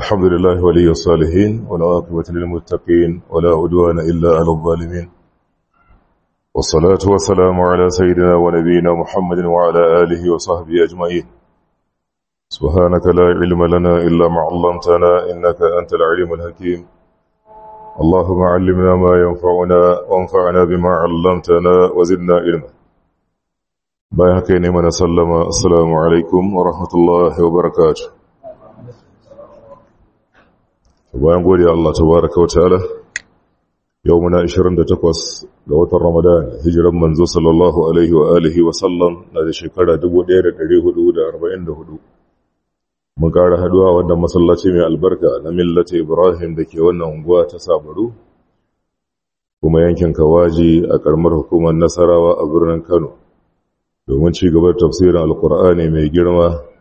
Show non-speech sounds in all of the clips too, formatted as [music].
الحمد لله ولي الصالحين والعاقبة للمتقين ولا عدوان إلا على الظالمين والصلاة والسلام على سيدنا ونبينا محمد وعلى آله وصحبه أجمعين سبحانك لا علم لنا إلا ما علمتنا إنك أنت العليم الحكيم اللهم علمنا ما ينفعنا وانفعنا بما علمتنا وزدنا علما بايحكي نمنا سلم السلام عليكم ورحمة الله وبركاته bayan gode Allah tabaraka wa ta'ala yau muna 28 ga watan Ramadan hijiran manzo sallallahu alaihi wa alihi wa sallam na da shekara 1444 mun ƙara haduwa wannan masallaci mai albarka na millati Ibrahim da ke wannan unguwa ta Sabaru kuma yankin Kawaji a karamar hukumar Nasarawa a birnin Kano domin ci gaba da tafsirin Alkur'ani mai girma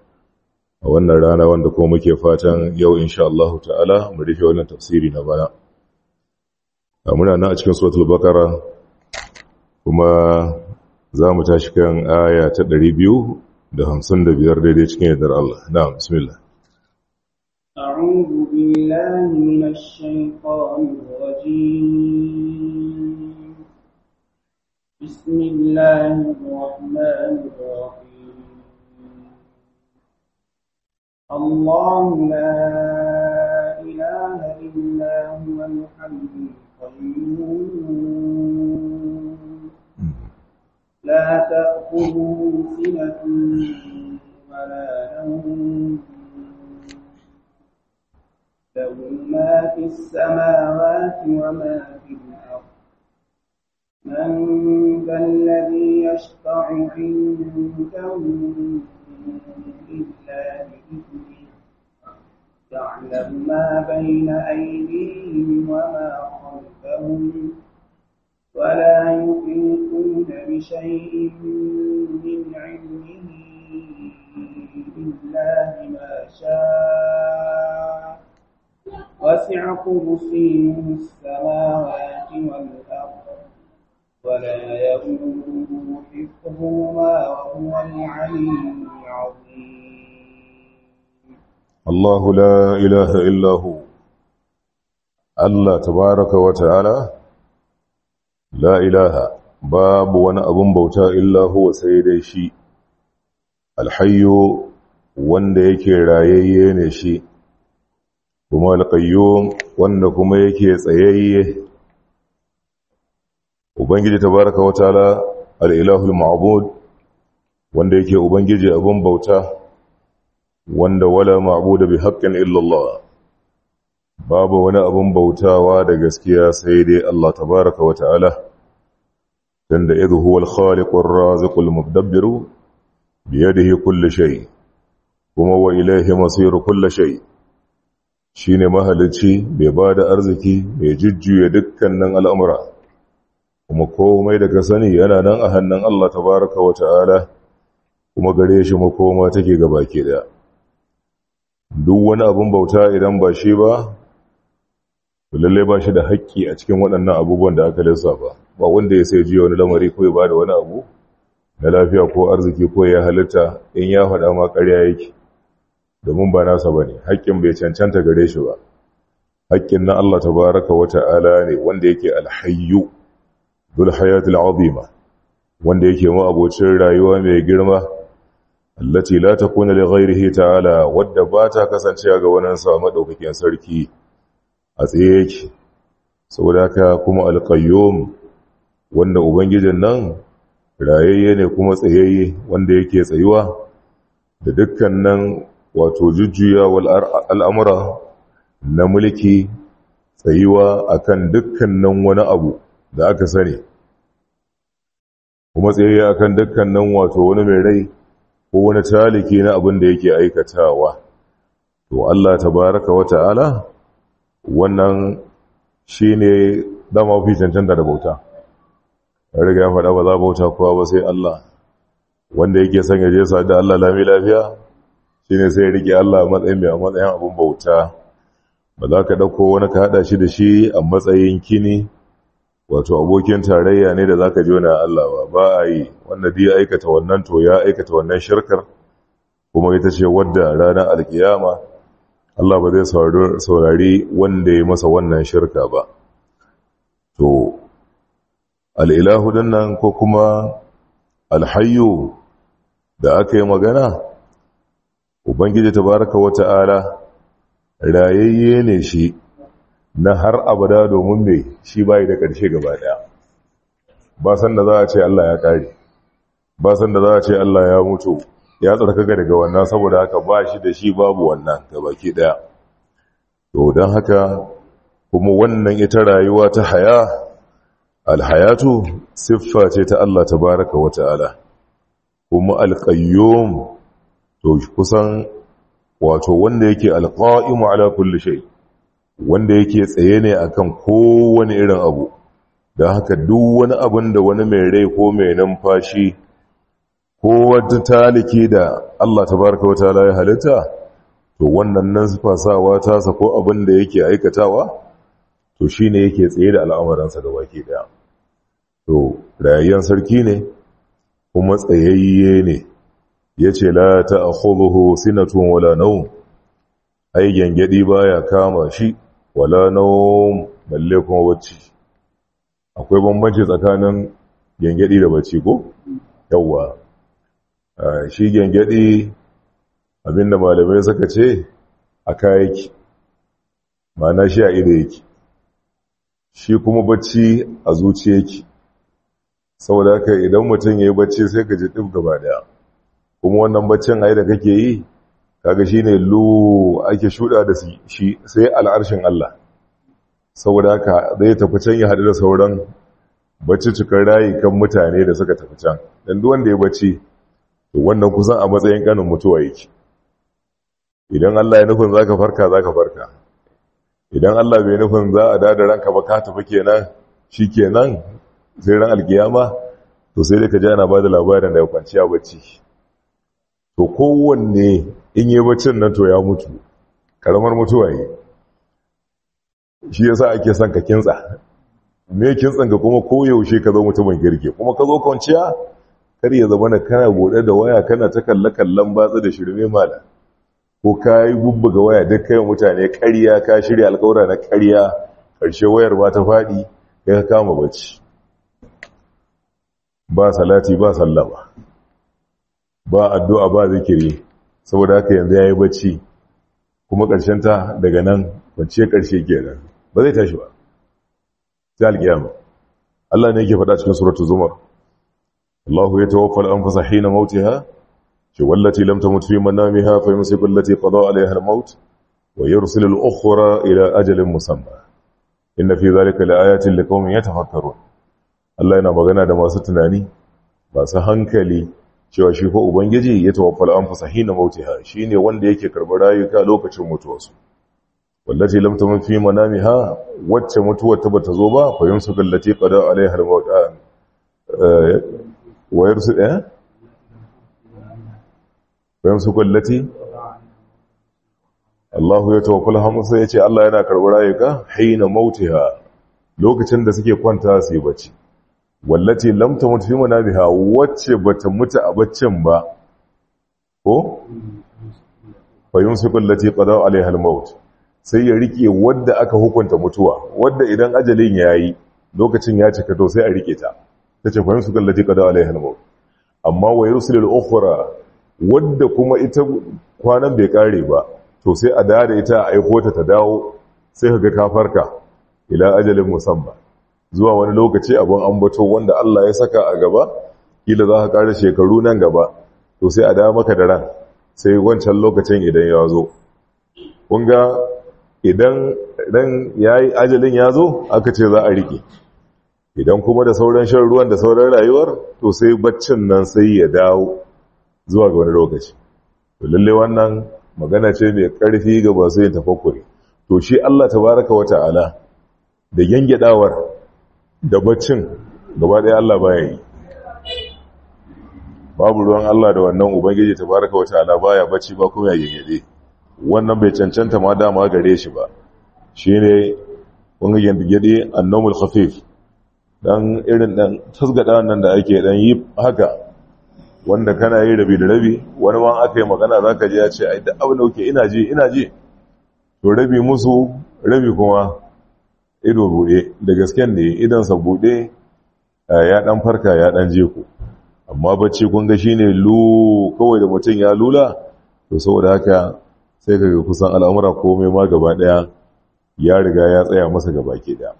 a wannan rana wanda kuma muke fatan yau insha Allah ta'ala mu rufe wannan tafsiri na bana a muna nan a cikin suratul baqara kuma za mu tashi kan aya ta 255 daidai cikin yardar Allah na'am bismillah a'udhu billahi minash الشيطان الرجيم بسم الله لا إله إلا هو الحمد القيوم لا تأخذه سنة ولا نوم له ما في السماوات وما في الأرض من ذا الذي يشفع عنده يعلم ما بين أيديهم وما خلفهم ولا يحيطون بشيء من علمه إلا بما شاء وسع كرسيه السماوات والأرض ولا يؤمنه ما هو العلي الله لا إله إلا هو Allah tabaraka wa ta’ala, La ilaha, babu wani abin bauta illa huwa sai dai shi, alhayo wanda yake rayayye ne shi, kuma alƙayyo wanda kuma yake tsayayye ubangiji tabaraka wa al-ilahul ma'bud wanda yake ubangiji abun bauta wanda wala ma'budu bi haqqin illa Allah babu wani abun bautawa da gaskiya sai dai Allah tabaraka wa ta'ala tunda idh huwa al-khaliqu ar-raziqu al-mudabbiru bi yadihi shay kuma wa ilayhi masiru kullu shay shine mahalicci mai bada arziki mai jujjuya dukkanin al'amura kuma komai da ka sani yana nan a hannun Allah tabaraka wa ta'ala kuma gare shi makoma take gaba ke da. duk wani abin bauta idan ba shi ba lalle ba shi da haƙƙi a cikin waɗannan abubuwan da aka lissafa ba wanda ya sai jiya wani lamari ko ya bada wani abu na lafiya ko arziki ko ya halitta in ya faɗa ma ƙarya yake domin ba nasa ba ne haƙƙin bai cancanta gare shi ba haƙƙin na Allah tabaraka wa ta'ala ne wanda yake alhayyu dul hayatul azima wanda yake mu abocin rayuwa mai girma allati la takuna li ghairihi ta'ala wadda ba ta kasancewa ga wannan sa madaukakin sarki a tsaye yake saboda ka, kuma alqayyum wanda ubangijin nan rayayye ne kuma tsayayye wanda yake tsayuwa da dukkanin wato jujjuya wal al'amura na mulki tsayuwa akan dukkanin wani abu da aka sani kuma tsayayya kan nan wato wani mai rai ko wani taliki na abin da yake aikatawa to Allah tabaraka wa ta'ala wannan shi ne dama fi cancanta da bauta riga ya faɗa ba za bauta kowa ba sai Allah wanda yake son ya je sa Allah lami lafiya shine sai rike Allah matsayin mai matsayin abin bauta ba za ka ɗauko wani ka haɗa shi da shi a matsayin kini wato abokin tarayya ne da zaka ji wani Allah ba ba a yi wanda dai aikata wannan to ya aikata wannan shirkar kuma ita ce wadda ranar alkiyama Allah ba zai saurari wanda ya masa wannan shirka ba to al'ilahu dannan ko kuma alhayu da aka yi magana ubangiji tabaraka wata'ala rayayye ne shi na har abada domin mai shi bayi da ƙarshe gaba ɗaya ba san da za a ce Allah ya ƙare ba san da za a ce Allah ya mutu ya tsarkaka daga wannan saboda haka ba shi da shi babu wannan ke ɗaya to don haka kuma wannan ita rayuwa ta haya alhayatu siffa ce ta Allah tabaraka wa ta'ala kuma alqayyum to kusan wato wanda yake alqa'imu ala kulli shay wanda yake tsaye ne akan kowane irin abu da haka duk wani abin da wani mai rai ko mai numfashi ko wata taliki da Allah Ta baraka wata ya halitta to wannan nan fasawa ta sa ko abin da yake aikatawa to shine yake tsaye da al'amuransa gabaki daya to rayayyen sarki ne kuma tsayayye ne yace la ta'khudhuhu sinatun wala nawm ai gengedi baya kama shi wala nawm balle kuma bacci akwai bambanci tsakanin gengedi da bacci ko yawa shi gengedi abinda malamai suka ce a kayaki mana shi a ido yake shi kuma bacci a zuciya yake saboda haka idan mutum ya yi bacci sai ka ji ɗin gaba daya kuma wannan baccin ai da kake yi kaga shine lu ake shuda da shi sai al'arshin Allah saboda haka zai tafi can ya hadu da sauran bacci cikin rayi kan mutane da suka tafi can dan duk wanda ya bacci to wannan kusan a matsayin kanin mutuwa yake idan Allah ya nufin zaka farka zaka farka idan Allah bai nufin za a dada ranka ba ka tafi kenan shikenan sai ran alkiyama to sai dai ka ji ana bada labarin da ya kwanciya bacci to kowanne in yi bacin nan to ya mutu karamar mutuwa yi shi yasa ake son ka kintsa me kintsan ka kuma koyaushe ka zo mutumin girki kuma ka zo kwanciya kar ya zama na kana gode da waya kana ta kalla kallon batsa da shirme mala ko ka yi bubbuga waya duk kai mutane karya ka shirya alƙawura na karya, ƙarshe wayar ba ta faɗi ya kama bacci ba salati ba sallama ba addu'a ba zikiri saboda haka yanzu ya yi bacci kuma ta daga nan kwanciyar ƙarshe kenan ba zai tashi ba sai alƙiyama Allah ne yake faɗa cikin suratul zumar Allahu ya tawaffal fasa hina mautiha ce wallace lamta tamut fi manamiha fa yumsiku allati qada alaiha al-maut wa yursilu al-ukhra ila ajalin musamma inna fi dhalika laayatin liqaumin yatafakkarun Allah yana magana da masu tunani masu hankali cewa shi ko ubangiji ya tawaffal anfusa hina mautiha shine wanda yake karbar rayuka lokacin mutuwarsu wallati lam tamun fi manamiha wacce mutuwar ta bata zo ba fa yunsu allati qada alaiha almaut ah, eh, wa yursu eh fa yunsu allati Allah ya tawaffal ya yace Allah yana karbar rayuka hina mautiha lokacin da suke kwanta su yi bacci wallace lamta mutu fi manabiha wacce bata mutu a baccin ba ko fa yumsiku lati qada alaiha almaut sai ya rike wadda aka hukunta mutuwa wadda idan ajalin ya yi lokacin ya cika to sai a rike ta ce fa yumsiku lati qada alaiha almaut amma wa yursilu al wadda kuma ita kwanan bai kare ba to sai a da ita a aiko ta ta dawo sai ga kafarka ila ajalin musamman zuwa wani lokaci abin ambato wanda Allah ya saka a gaba kila za ka ƙara shekaru nan gaba to sai a dawo maka da ran sai wancan lokacin idan ya zo kunga idan ran yayi ajalin ya zo aka ce za a riƙe, idan kuma da sauran shan ruwan da sauran rayuwar to sai baccin nan sai ya dawo zuwa ga wani lokaci to lalle wannan magana ce mai ƙarfi ga masu yin tafakkuri to shi Allah tabaraka wata ala. da yangyadawar da baccin gaba ɗaya Allah baya yi babu ruwan Allah da wannan ubangiji ta baraka wata ala ba ya bacci ba kuma ya gaggade wannan bai cancanta ma dama gare shi ba Shi ne wani a annamul khafif dan irin ɗan tasgada nan da ake ɗan yi haka wanda kana yi rabi da rabi wani ma aka yi magana za ka ji ya ce a yi da abin da ina ji ina ji to rabi musu rabi kuma ido buɗe da gaske ne sa buɗe ya ɗan farka ya ɗan je amma bacci kun ga shine lu kawai da mutum ya lula to saboda haka sai kaga kusan al'amura komai ma gaba ɗaya ya riga ya tsaya masa gaba ke da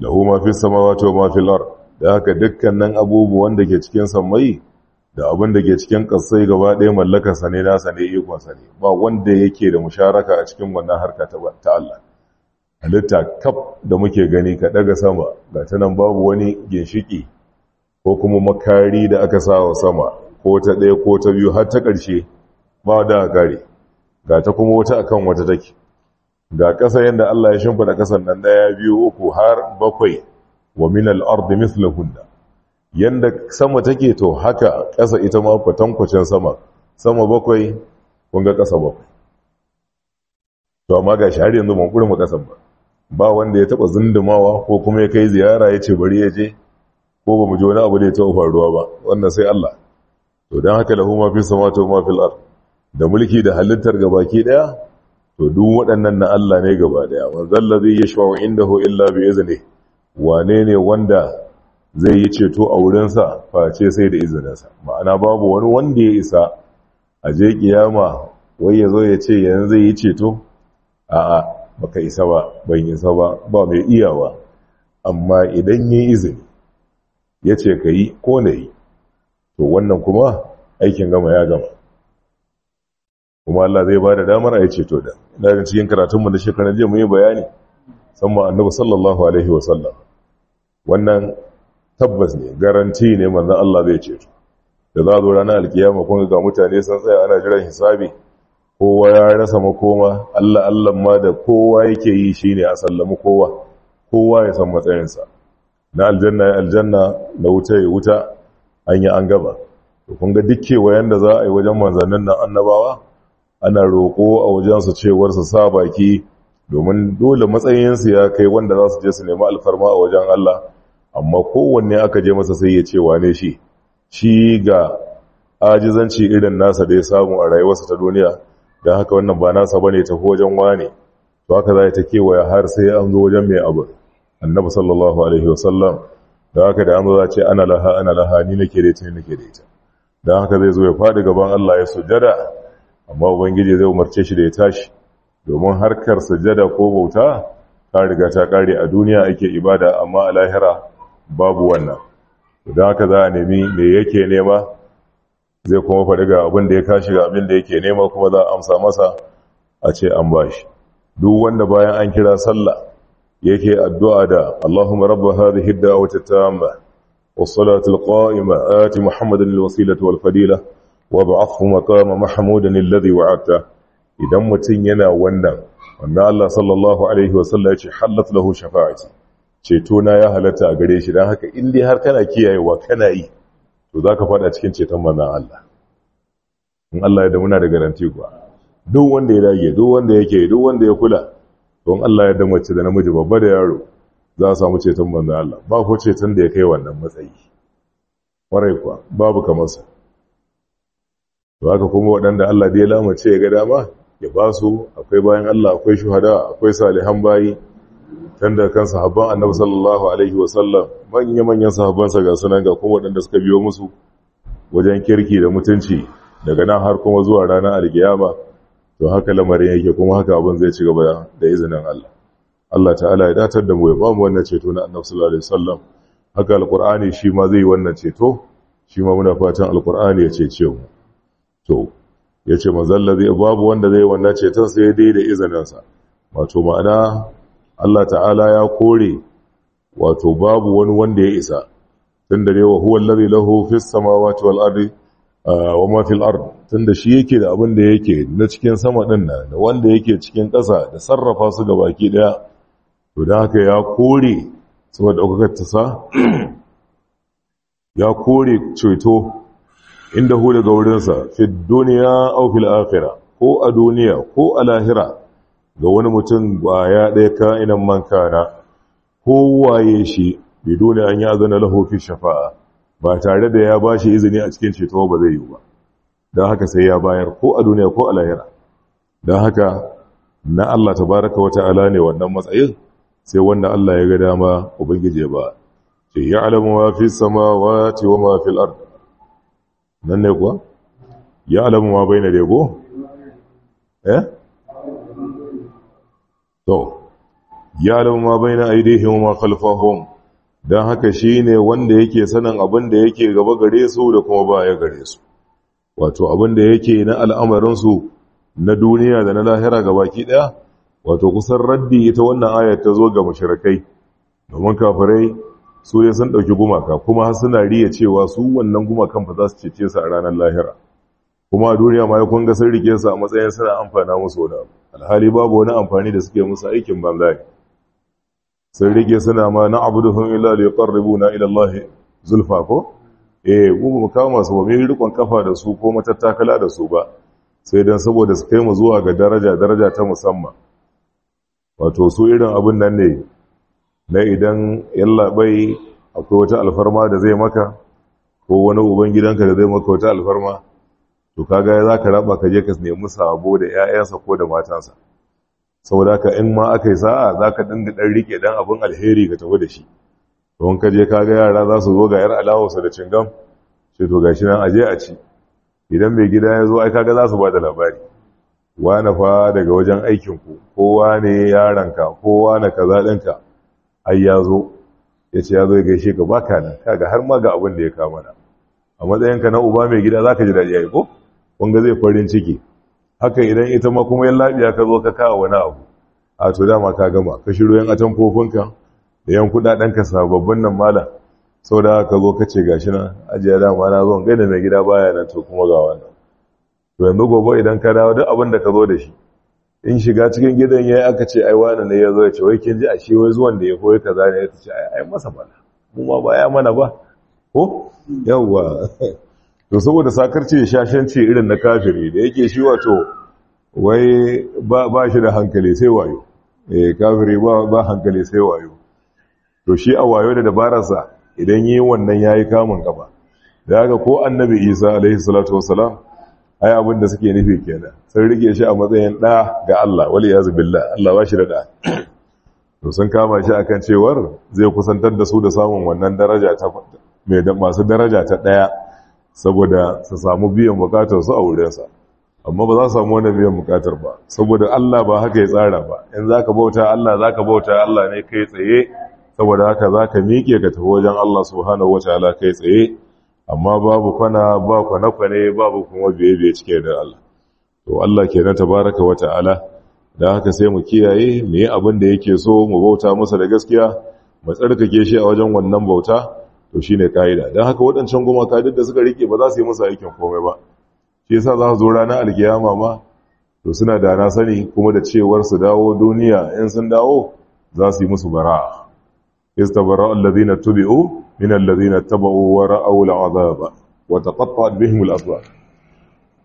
lahu ma fi samawati wa ma fil ard da haka dukkanin abubuwan da ke cikin samai da abin da ke cikin kasai gaba ɗaya mallakar sa ne nasa ne ikon sa ba wanda yake da musharaka a cikin wannan harka ta Allah halitta kaf da muke gani ka daga sama ga ta nan babu wani ginshiki ko kuma makari da aka sa wa sama ko ta ɗaya ko ta biyu har ta ƙarshe ba da kare ga ta kuma wata akan wata take ga ƙasa yadda Allah ya shimfida ƙasan nan ɗaya biyu uku har bakwai wa min al ard mithlahunna yanda sama take to haka ƙasa ita ma kwatankwacin sama sama bakwai kun ga ƙasa bakwai to amma ga shi har yanzu ban ƙurin mu ƙasan ba ba wanda ya taba zindumawa ko kuma ya kai ziyara ya ce bari ya je ko ba mu ji wani abu da ya taba faruwa ba wannan sai Allah to dan haka lahu ma fi samawati wa ma fil ard da mulki da halittar gabaki daya to duk waɗannan na Allah ne gaba daya wa zallazi yashfa'u indahu illa bi izni wane ne wanda zai yi ceto a wurin wurinsa face sai da izininsa ma'ana babu wani wanda ya isa a je kiyama wai ya zo ya ce yanzu zai yi ceto a'a baka isa ba ban isa ba ba mai iyawa amma idan yi izini ya ce ka yi ko na yi to wannan kuma aikin gama ya gama kuma Allah zai ba da damar a yi ceto da Na cikin karatunmu na shekarar jiya mu yi bayani sama annabi sallallahu alaihi wasallam wannan tabbas ne garanti ne manzan Allah zai ceto da za a zo ranar alkiyama kun ga mutane sun tsaya ana jiran hisabi kowa ya rasa makoma Allah Allah ma da kowa yake yi shine a sallamu kowa kowa ya san matsayinsa na aljanna ya aljanna na wuta ya wuta an yi an gaba to kun ga duk kewayen da za a yi wajen manzannin nan annabawa ana roƙo a wajensu cewar su sa baki domin dole matsayinsu ya kai wanda za su je su nemi alfarma a wajen Allah amma kowanne aka je masa sai ya cewa ne shi shi ga ajizanci irin nasa da ya samu a rayuwarsa ta duniya don haka wannan ba nasa bane tafi wajen wane to haka za ta kewaya har sai an zo wajen mai abu annabi sallallahu alaihi wasallam don haka da an zo za ce ana laha ana laha ni nake da ita ni nake da ita don haka zai zo ya faɗi gaban Allah ya sujada amma ubangiji zai umarce shi da ya tashi domin harkar sujada ko bauta ta riga ta kare a duniya ake ibada amma a lahira babu wannan don haka za a nemi me yake nema zai kuma faɗi ga abin da ya kashi ga abin da yake nema kuma za a amsa masa a ce an bashi duk wanda bayan an kira sallah yake addu'a da Allahumma rabba hadhihi da'wati tamma was-salati al-qa'ima ati Muhammadan al wal-fadila wab'athu maqama mahmudan alladhi wa'adta idan mutun yana wannan wanda Allah sallallahu alaihi wasallam ya ce halat lahu shafa'ati ceto na ya halatta a gare shi dan haka in dai har kana kiyayewa kana yi to za ka fada cikin ceton manzan Allah in Allah ya da muna da garanti kuwa duk wanda ya dage duk wanda yake duk wanda ya kula don Allah ya da mace da namiji babba da yaro za a samu ceton manzan Allah ba ko ceton da ya kai wannan matsayi warai kuwa babu kamar sa to haka kuma waɗanda Allah da ya lamace ya ga dama ya ba su akwai bayan Allah akwai shuhada akwai salihan bayi tun da kan sahabban annabi sallallahu alaihi wasallam manya-manyan sahabbansa ga sunan ga kuma waɗanda suka biyo musu wajen kirki da mutunci daga nan har kuma zuwa ranar alkiyama to haka lamarin yake kuma haka abin zai ci gaba da izinin Allah Allah ta'ala ya datar da mu ya bamu wannan ceto na annabi sallallahu alaihi wasallam haka alqur'ani shi ma zai wannan ceto shi ma muna fatan alqur'ani ya cece mu to yace manzon babu wanda zai wannan ceton sai dai da izinin sa wato ma'ana Allah ta'ala ya kore wato babu wani wanda ya isa tunda dai wa huwa allazi lahu fis samawati wal a ah, wa ma tunda shi yake da abin da yake na cikin sama din na, da wanda yake cikin ƙasa da sarrafa su ga baki daya to da haka ya kore saboda daukakar ta sa ya kore ceto inda hu daga wurinsa fi duniya au fil ko a duniya ko a lahira ga wani mutum baya ɗaya ka'inan mankana, ko waye shi bidone an yi azana lahofin shafa'a ba tare da ya ba shi izini a cikin ceto ba zai yi ba don haka sai ya bayar ko a duniya ko a lahira don haka na Allah ta baraka wata ala ne wannan matsayin sai wanda Allah ya ga dama ubangije ba ce ya alamu wa fi sama wa ma fil ard nan ne kuwa ya alamu rego eh to yalam ma baina aidihim wa khalfahum Don haka shine wanda yake sanin abin da yake gaba gare su da kuma baya gare su wato abin da yake na al'amarin su na duniya da na lahira gabaki daya wato kusan raddi ita wannan ayar ta zo ga mushrikai domin kafirai su ne sun dauki gumaka kuma har suna riya cewa su wannan gumakan ba za su cece su a ranar lahira kuma a duniya ma ya kunga sun rike su a matsayin suna amfana musu wani abu alhali babu wani amfani da suke musu aikin banza ne sun rike suna ma na abu illa li yuqarribuna ila Allah zulfa ko eh gugu mu kawo masu ba mai rikon kafa da su ko matattakala da su ba sai don saboda su kai mu zuwa ga daraja daraja ta musamman wato su irin abin nan ne na idan yalla bai akwai wata alfarma da zai maka ko wani ubangidanka da zai maka wata alfarma to kaga za ka raba ka je ka nemi sabo da 'ya'yansa ko da matansa saboda ka in ma aka yi sa'a za ka ɗan da ɗan riƙe ɗan abin alheri ka tafi da shi don ka je kaga yara za su zo ga yar alawarsa da cingam sai to gashi nan aje a ci idan mai gida ya zo ai kaga za su ba labari wane fa daga wajen aikinku kowa ne yaranka kowa na kaza ɗinka ai ya zo ya ce ya zo ya gaishe ka baka nan kaga har ma ga abin da ya kama na a matsayinka na uba mai gida za ka ji daɗi ya yi ko Wanga zai farin ciki haka idan ita ma kuma yan labiya ka zo ka kawo wani abu a to dama ka gama ka shiro yan atan fofinka da yan kudaden ka sababbin nan mala sau da ka zo ka ce gashi na ajiya dama na zo gaida na gida baya nan to kuma ga wannan to yanzu gobe idan ka dawo duk abin da ka zo da shi in shiga cikin gidan yayi aka ce ai wani ne ya zo ya ce wai kin ji a shi wai zuwan da ya koyi kaza ne ya ce ai masa bala mu ma ya mana ba ko yawwa [laughs] to saboda sakarci da shashanci irin na kafiri da yake shi wato wai ba shi da hankali sai wayo eh kafiri ba hankali sai wayo to shi a wayo da dabararsa idan yi wannan yayi kamun gaba da haka ko annabi Isa alaihi salatu wasalam ai abin da suke nufi kenan sun rike shi a matsayin da ga Allah wali yazu billah Allah ba shi da da to sun kama shi akan cewar zai kusantar da su da samun wannan daraja ta mai masu daraja ta daya saboda su samu biyan bukatar su a wurinsa amma ba za su samu wani biyan bukatar ba saboda Allah ba haka ya tsara ba in zaka bauta Allah zaka bauta Allah ne kai tsaye saboda haka zaka miƙe ka tafi wajen Allah subhanahu wataala kai tsaye amma babu kwana ba kwane-kwane babu kuma biye-biye cike da Allah to Allah kenan tabaraka wataala da haka sai mu kiyaye mu yi abin da yake so mu bauta masa da gaskiya mu tsarkake shi a wajen wannan bauta to shine kaida dan haka waɗancan gumaka duk da suka rike ba za su yi musu aikin komai ba shi yasa za su zo rana alkiyama ma to suna da na sani kuma da cewar su dawo duniya in sun dawo za su yi musu bara istabara alladhina tubi'u min alladhina tabau wa ra'aw al'azaba wa taqatta'at bihim al'asbab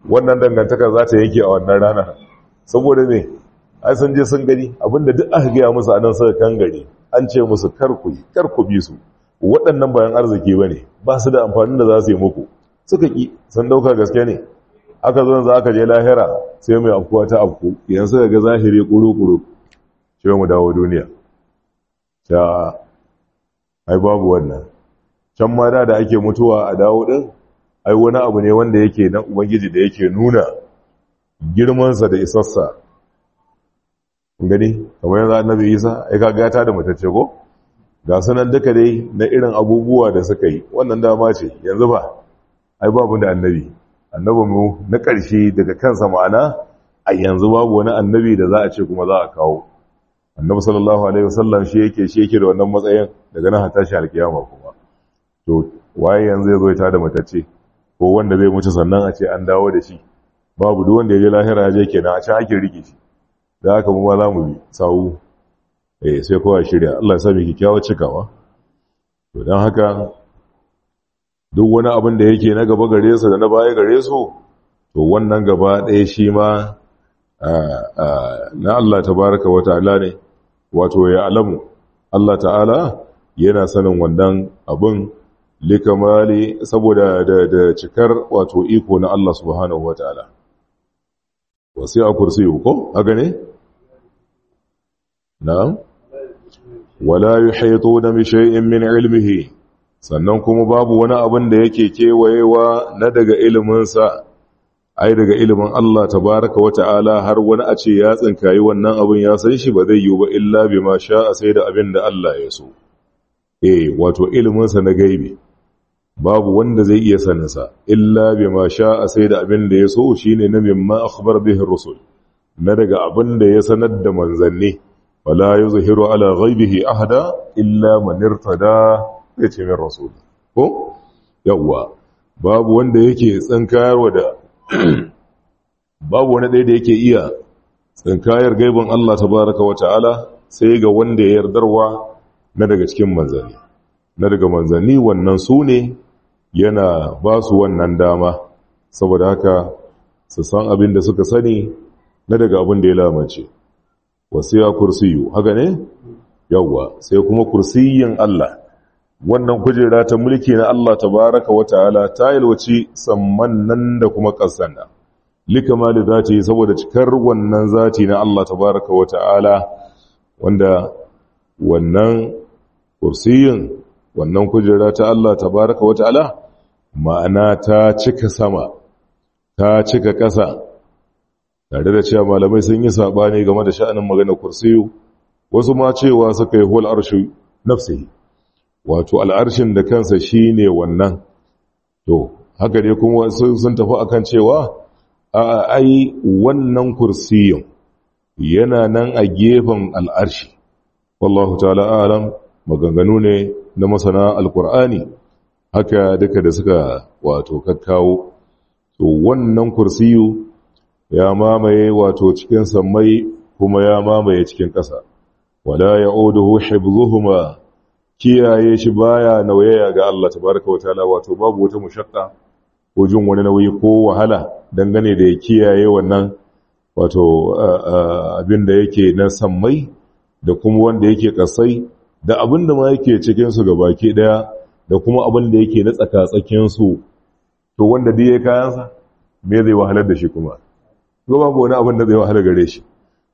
wannan dangantaka za ta yake a wannan rana saboda me ai sun je sun gani abinda duk aka gaya musu anan sai kan gari an ce musu kar ku kar ku bi su waɗannan bayan arziki ba ne ba su da amfani da za su yi muku suka ƙi sun ɗaukar gaske ne aka zo za ka je lahira sai mai afkuwa ta afku idan suka ga zahiri ƙuru-ƙuru mu dawo duniya ta ai babu wannan can ma da ake mutuwa a dawo ɗin ai wani abu ne wanda yake nan ubangiji da yake nuna girmansa da isassa gani kamar yanzu annabi isa ai ka gata da matacce ko ga sanar duka dai na irin abubuwa da suka yi wannan dama ce yanzu ba ai babu da annabi annabinmu na ƙarshe daga kansa ma'ana a yanzu babu wani annabi da za a ce kuma za a kawo annabi sallallahu alaihi wasallam shi yake shi yake da wannan matsayin daga nan hatashi alkiyama kuma to waye yanzu ya zo ta da matacce ko wanda zai mutu sannan a ce an dawo da shi babu duk wanda ya je lahira ya je kenan a can ake rike shi da haka mu ma za mu bi sawu eh sai kowa shirya Allah ya sa miki cikawa to dan haka duk wani abin da yake na gaba gare su da na baya gare su to wannan gaba ɗaya shi ma na Allah tabaraka wa ta'ala ne wato ya alamu Allah ta'ala yana sanin wannan abin likamali saboda da cikar wato iko na Allah subhanahu wa ta'ala wasi'a yi ko haka ne na'am wala yuhituna bi shay'in min ilmihi sannan kuma babu wani abin da yake kewayewa na daga iliminsa ai daga ilimin Allah tabaraka wa ta'ala har wani a ce ya tsinkayi wannan abin ya san shi ba zai yi ba illa bima sha'a sai da abin da Allah ya so eh wato iliminsa na gaibi babu wanda zai iya saninsa illa bima sha'a sai da abin da ya so shine na mimma akhbar bihi rusul na daga abin da ya sanar da manzanni wala zahiru ala ghaibihi ahada illa man irtada yace min rasul ko yawa babu wanda yake tsinkayarwa da babu wani ɗaya da yake iya tsinkayar gaibin Allah tabaraka wa ta'ala sai ga wanda ya yardarwa na daga cikin manzanni na daga manzanni wannan su ne yana ba su wannan dama saboda haka su san abin da suka sani na daga abin da ya lamace wasiya kursiyu haka ne yawwa sai kuma kursiyin Allah wannan kujera ta mulki na Allah tabaraka wa ta'ala ta yalwaci samman nan da kuma kasanna nan likamali zati saboda cikar wannan zati na Allah tabaraka wa ta'ala wanda wannan kursiyin wannan kujera ta Allah tabaraka wa ta'ala ma'ana ta cika sama ta cika ƙasa tare da cewa malamai sun yi saɓani game da sha'anin magana kursiyu wasu ma cewa suka yi hul arshi nafsihi wato al'arshin da kansa shi ne wannan to haka dai kuma sun tafi akan cewa a ai wannan kursiyu yana nan a gefen al'arshi wallahu ta'ala alam maganganu ne na masana alkur'ani haka duka da suka wato kakkawo to wannan kursiyu ya mamaye wato cikin sammai kuma ya mamaye cikin ƙasa wala ya'uduhu hibzuhuma kiyaye shi baya nauyaya ga Allah tabaraka wa ta'ala wato babu wata mushakka ko jin wani nauyi ko wahala dangane da ya kiyaye wannan wato abin da yake na sammai da kuma wanda yake kasai da abin da ma yake cikin su gabaki daya da kuma abin da yake na tsaka su to wanda dai ya kayansa me zai wahalar da shi kuma ko babu wani abin da zai wahala gare shi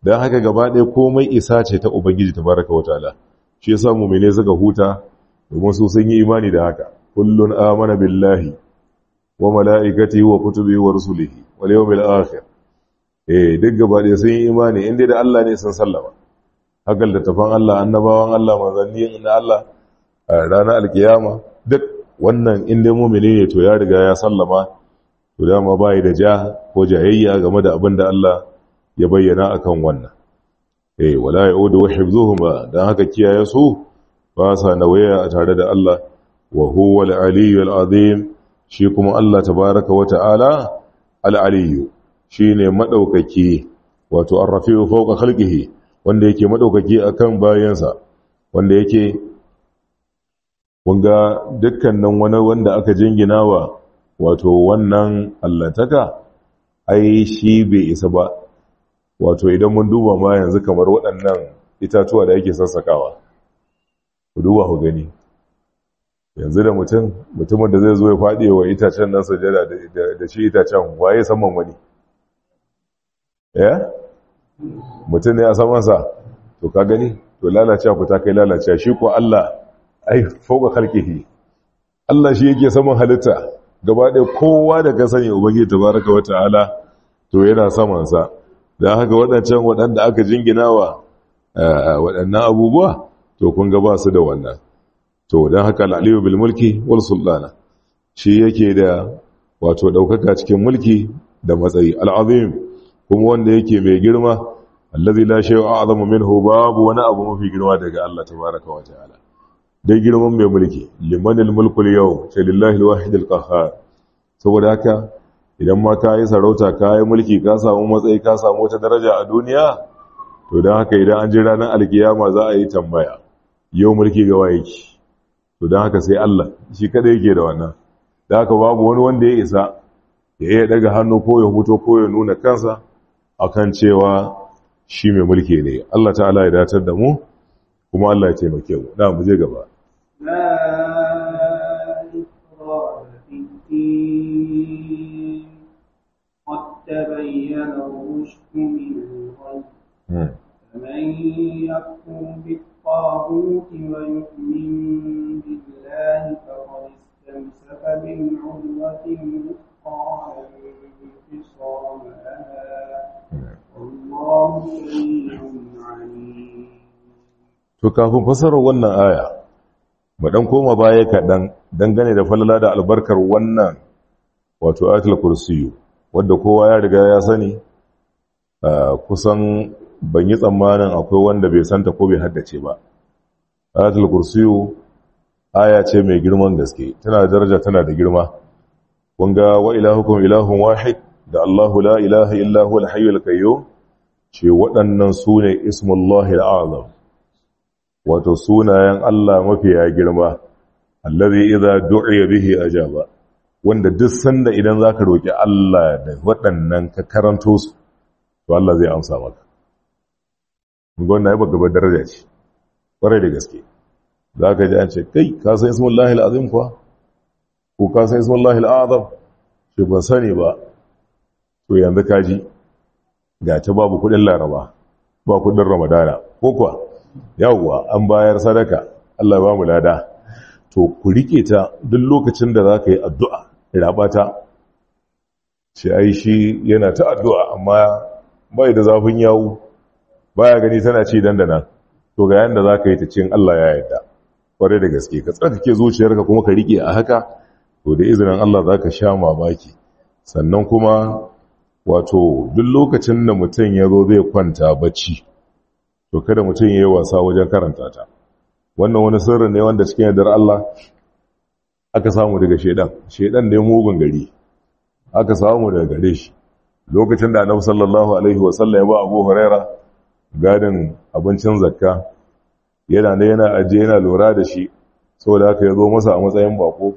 don haka gaba ɗaya komai isa ce ta ubangiji ta tabaraka wataala shi yasa mu'mine suka huta domin su sun yi imani da haka kullun amana billahi wa mala'ikatihi wa kutubihi wa rusulihi wal yawmil akhir eh duk gaba ɗaya sun yi imani inda da Allah ne sun sallama hakan da tafan Allah annabawan Allah manzanni na Allah a ranar alkiyama duk wannan inda mu'mini ne to ya riga ya sallama to dama bai da ja ko jayayya game da abin da Allah ya bayyana akan wannan eh wala yaudu wa hifzuhuma dan haka kiyaye su ba sa nawaya a tare da Allah wa huwa al-aliyyu al-azim shi kuma Allah tabaaraka wa ta'ala al-aliyyu shine madaukaki wato ar-rafi'u fawqa khalqihi wanda yake madaukaki akan bayansa wanda yake kunga dukkanin wani wanda aka jingina wa wato wannan allataka ai shi bai isa ba wato idan mun duba ma yanzu kamar waɗannan itatuwa da yake sassakawa ku duba ku gani yanzu da mutum mutumin da zai zo ya faɗi wa itacen nan sajada da shi itacen waye saman wani ya eh? mutum ne a samansa to ka gani to lalacewa ku ta kai lalacewa shi ku Allah ai fauka halkihi Allah shi yake saman halitta gaba ɗaya kowa da ka sani ubangiji tabaraka wa ta'ala to yana samansa da haka waɗancan waɗanda aka jingina wa eh, waɗannan abubuwa to kun ga su da wannan to don haka al'aliyu bil mulki wal sultana shi yake da wato ɗaukaka cikin mulki da matsayi al'azim kuma wanda yake mai girma allazi la shay'a a'zamu minhu babu wani abu mafi girma daga Allah tabaraka wa ta'ala dai girman mai mulki limanil mulkul yau ce lillahi alwahidil qahhar saboda haka idan ma ka yi sarauta ka yi mulki ka samu matsayi ka samu wata daraja a duniya to don haka idan an ji ranar alkiyama za a yi tambaya yau mulki ga waye ki to don haka sai Allah shi kada yake da wannan da haka babu wani wanda ya isa ya iya daga hannu ko ya huto ko ya nuna kansa akan cewa shi mai mulki ne Allah ta'ala ya datar da mu kuma Allah ya taimake mu na mu je gaba فمن يكفر بالطاغوت To kafin fasarar wannan aya, ba ɗan koma baya kaɗan dangane da falala da albarkar wannan wato atal kursiyu, wadda kowa ya riga ya sani, Ah, kusan ban yi tsammanin akwai wanda bai santa ko bai haddace ba ayatul kursiyu aya ce mai girman gaske tana daraja tana da girma kun ga wa ilahukum ilahun wahid da Allahu la ilaha illa huwa al-hayyul qayyum ce waɗannan sune ismullahi al-azam wato sunayen Allah mafiya girma allazi idza du'iya bihi ajaba wanda duk sanda idan zaka roki Allah da waɗannan ka karanto su to Allah zai amsa maka yi ya gaba daraja ce ƙwarai da gaske za ka ji an ce kai ka san ismin lahil azim kuwa ko ka san ismin lahil azam ce ban sani ba to yanzu ka ji ga ta babu kuɗin laraba ba kuɗin ramadana ko kuwa yawwa an bayar sadaka Allah ba mu lada to ku rike ta duk lokacin da za ka yi addu'a raba ta ce ai shi yana ta addu'a amma bai da zafin yawu baya gani tana ci dandana to ga yanda za ka yi ta cin Allah ya yarda kwarai da gaske ka tsarkake zuciyarka kuma ka riƙe a haka to da izinin Allah za ka sha mamaki sannan kuma wato duk lokacin da mutum ya zo zai kwanta bacci to kada mutum ya yi wasa wajen karanta ta wannan wani sirri ne wanda cikin yardar Allah aka samu daga shedan shedan ne mugun gari aka samu daga gare shi lokacin da annabi sallallahu alaihi wa sallam ya ba abu huraira gadin abincin zakka yana ne yana aje yana lura da shi saboda haka ya zo masa a matsayin bako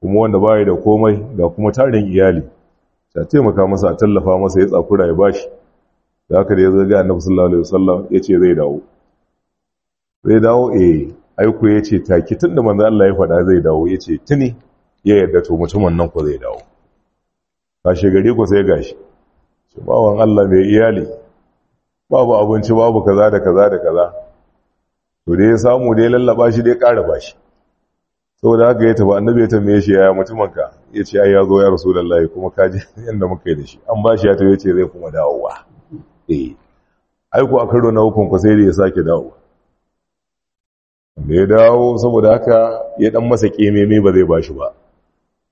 kuma wanda baya da komai ga kuma tarin iyali ta taimaka masa a tallafa masa ya tsakura ya bashi da haka da ya zaga annabi sallallahu alaihi wa ya ce zai dawo zai dawo eh ai ya ce taki tunda, da manzo Allah ya faɗa zai dawo yace ce tuni ya yarda to mutumin nan ko zai dawo kashe gari ko sai gashi bawan Allah mai iyali babu abinci babu kaza da kaza da kaza to dai ya samu dai lallaba shi dai ƙara ba shi saboda haka ya taba annabi ya tambaye shi yaya mutumanka ka ya ce ai ya zo ya rasulullahi kuma ka ji [laughs] yanda muka yi da shi an bashi shi ya to ya ce zai kuma dawowa eh ai ku a karo na hukun ku sai da ya sake dawowa da ya dawo saboda haka ya dan masa kememe ba zai ba shi ba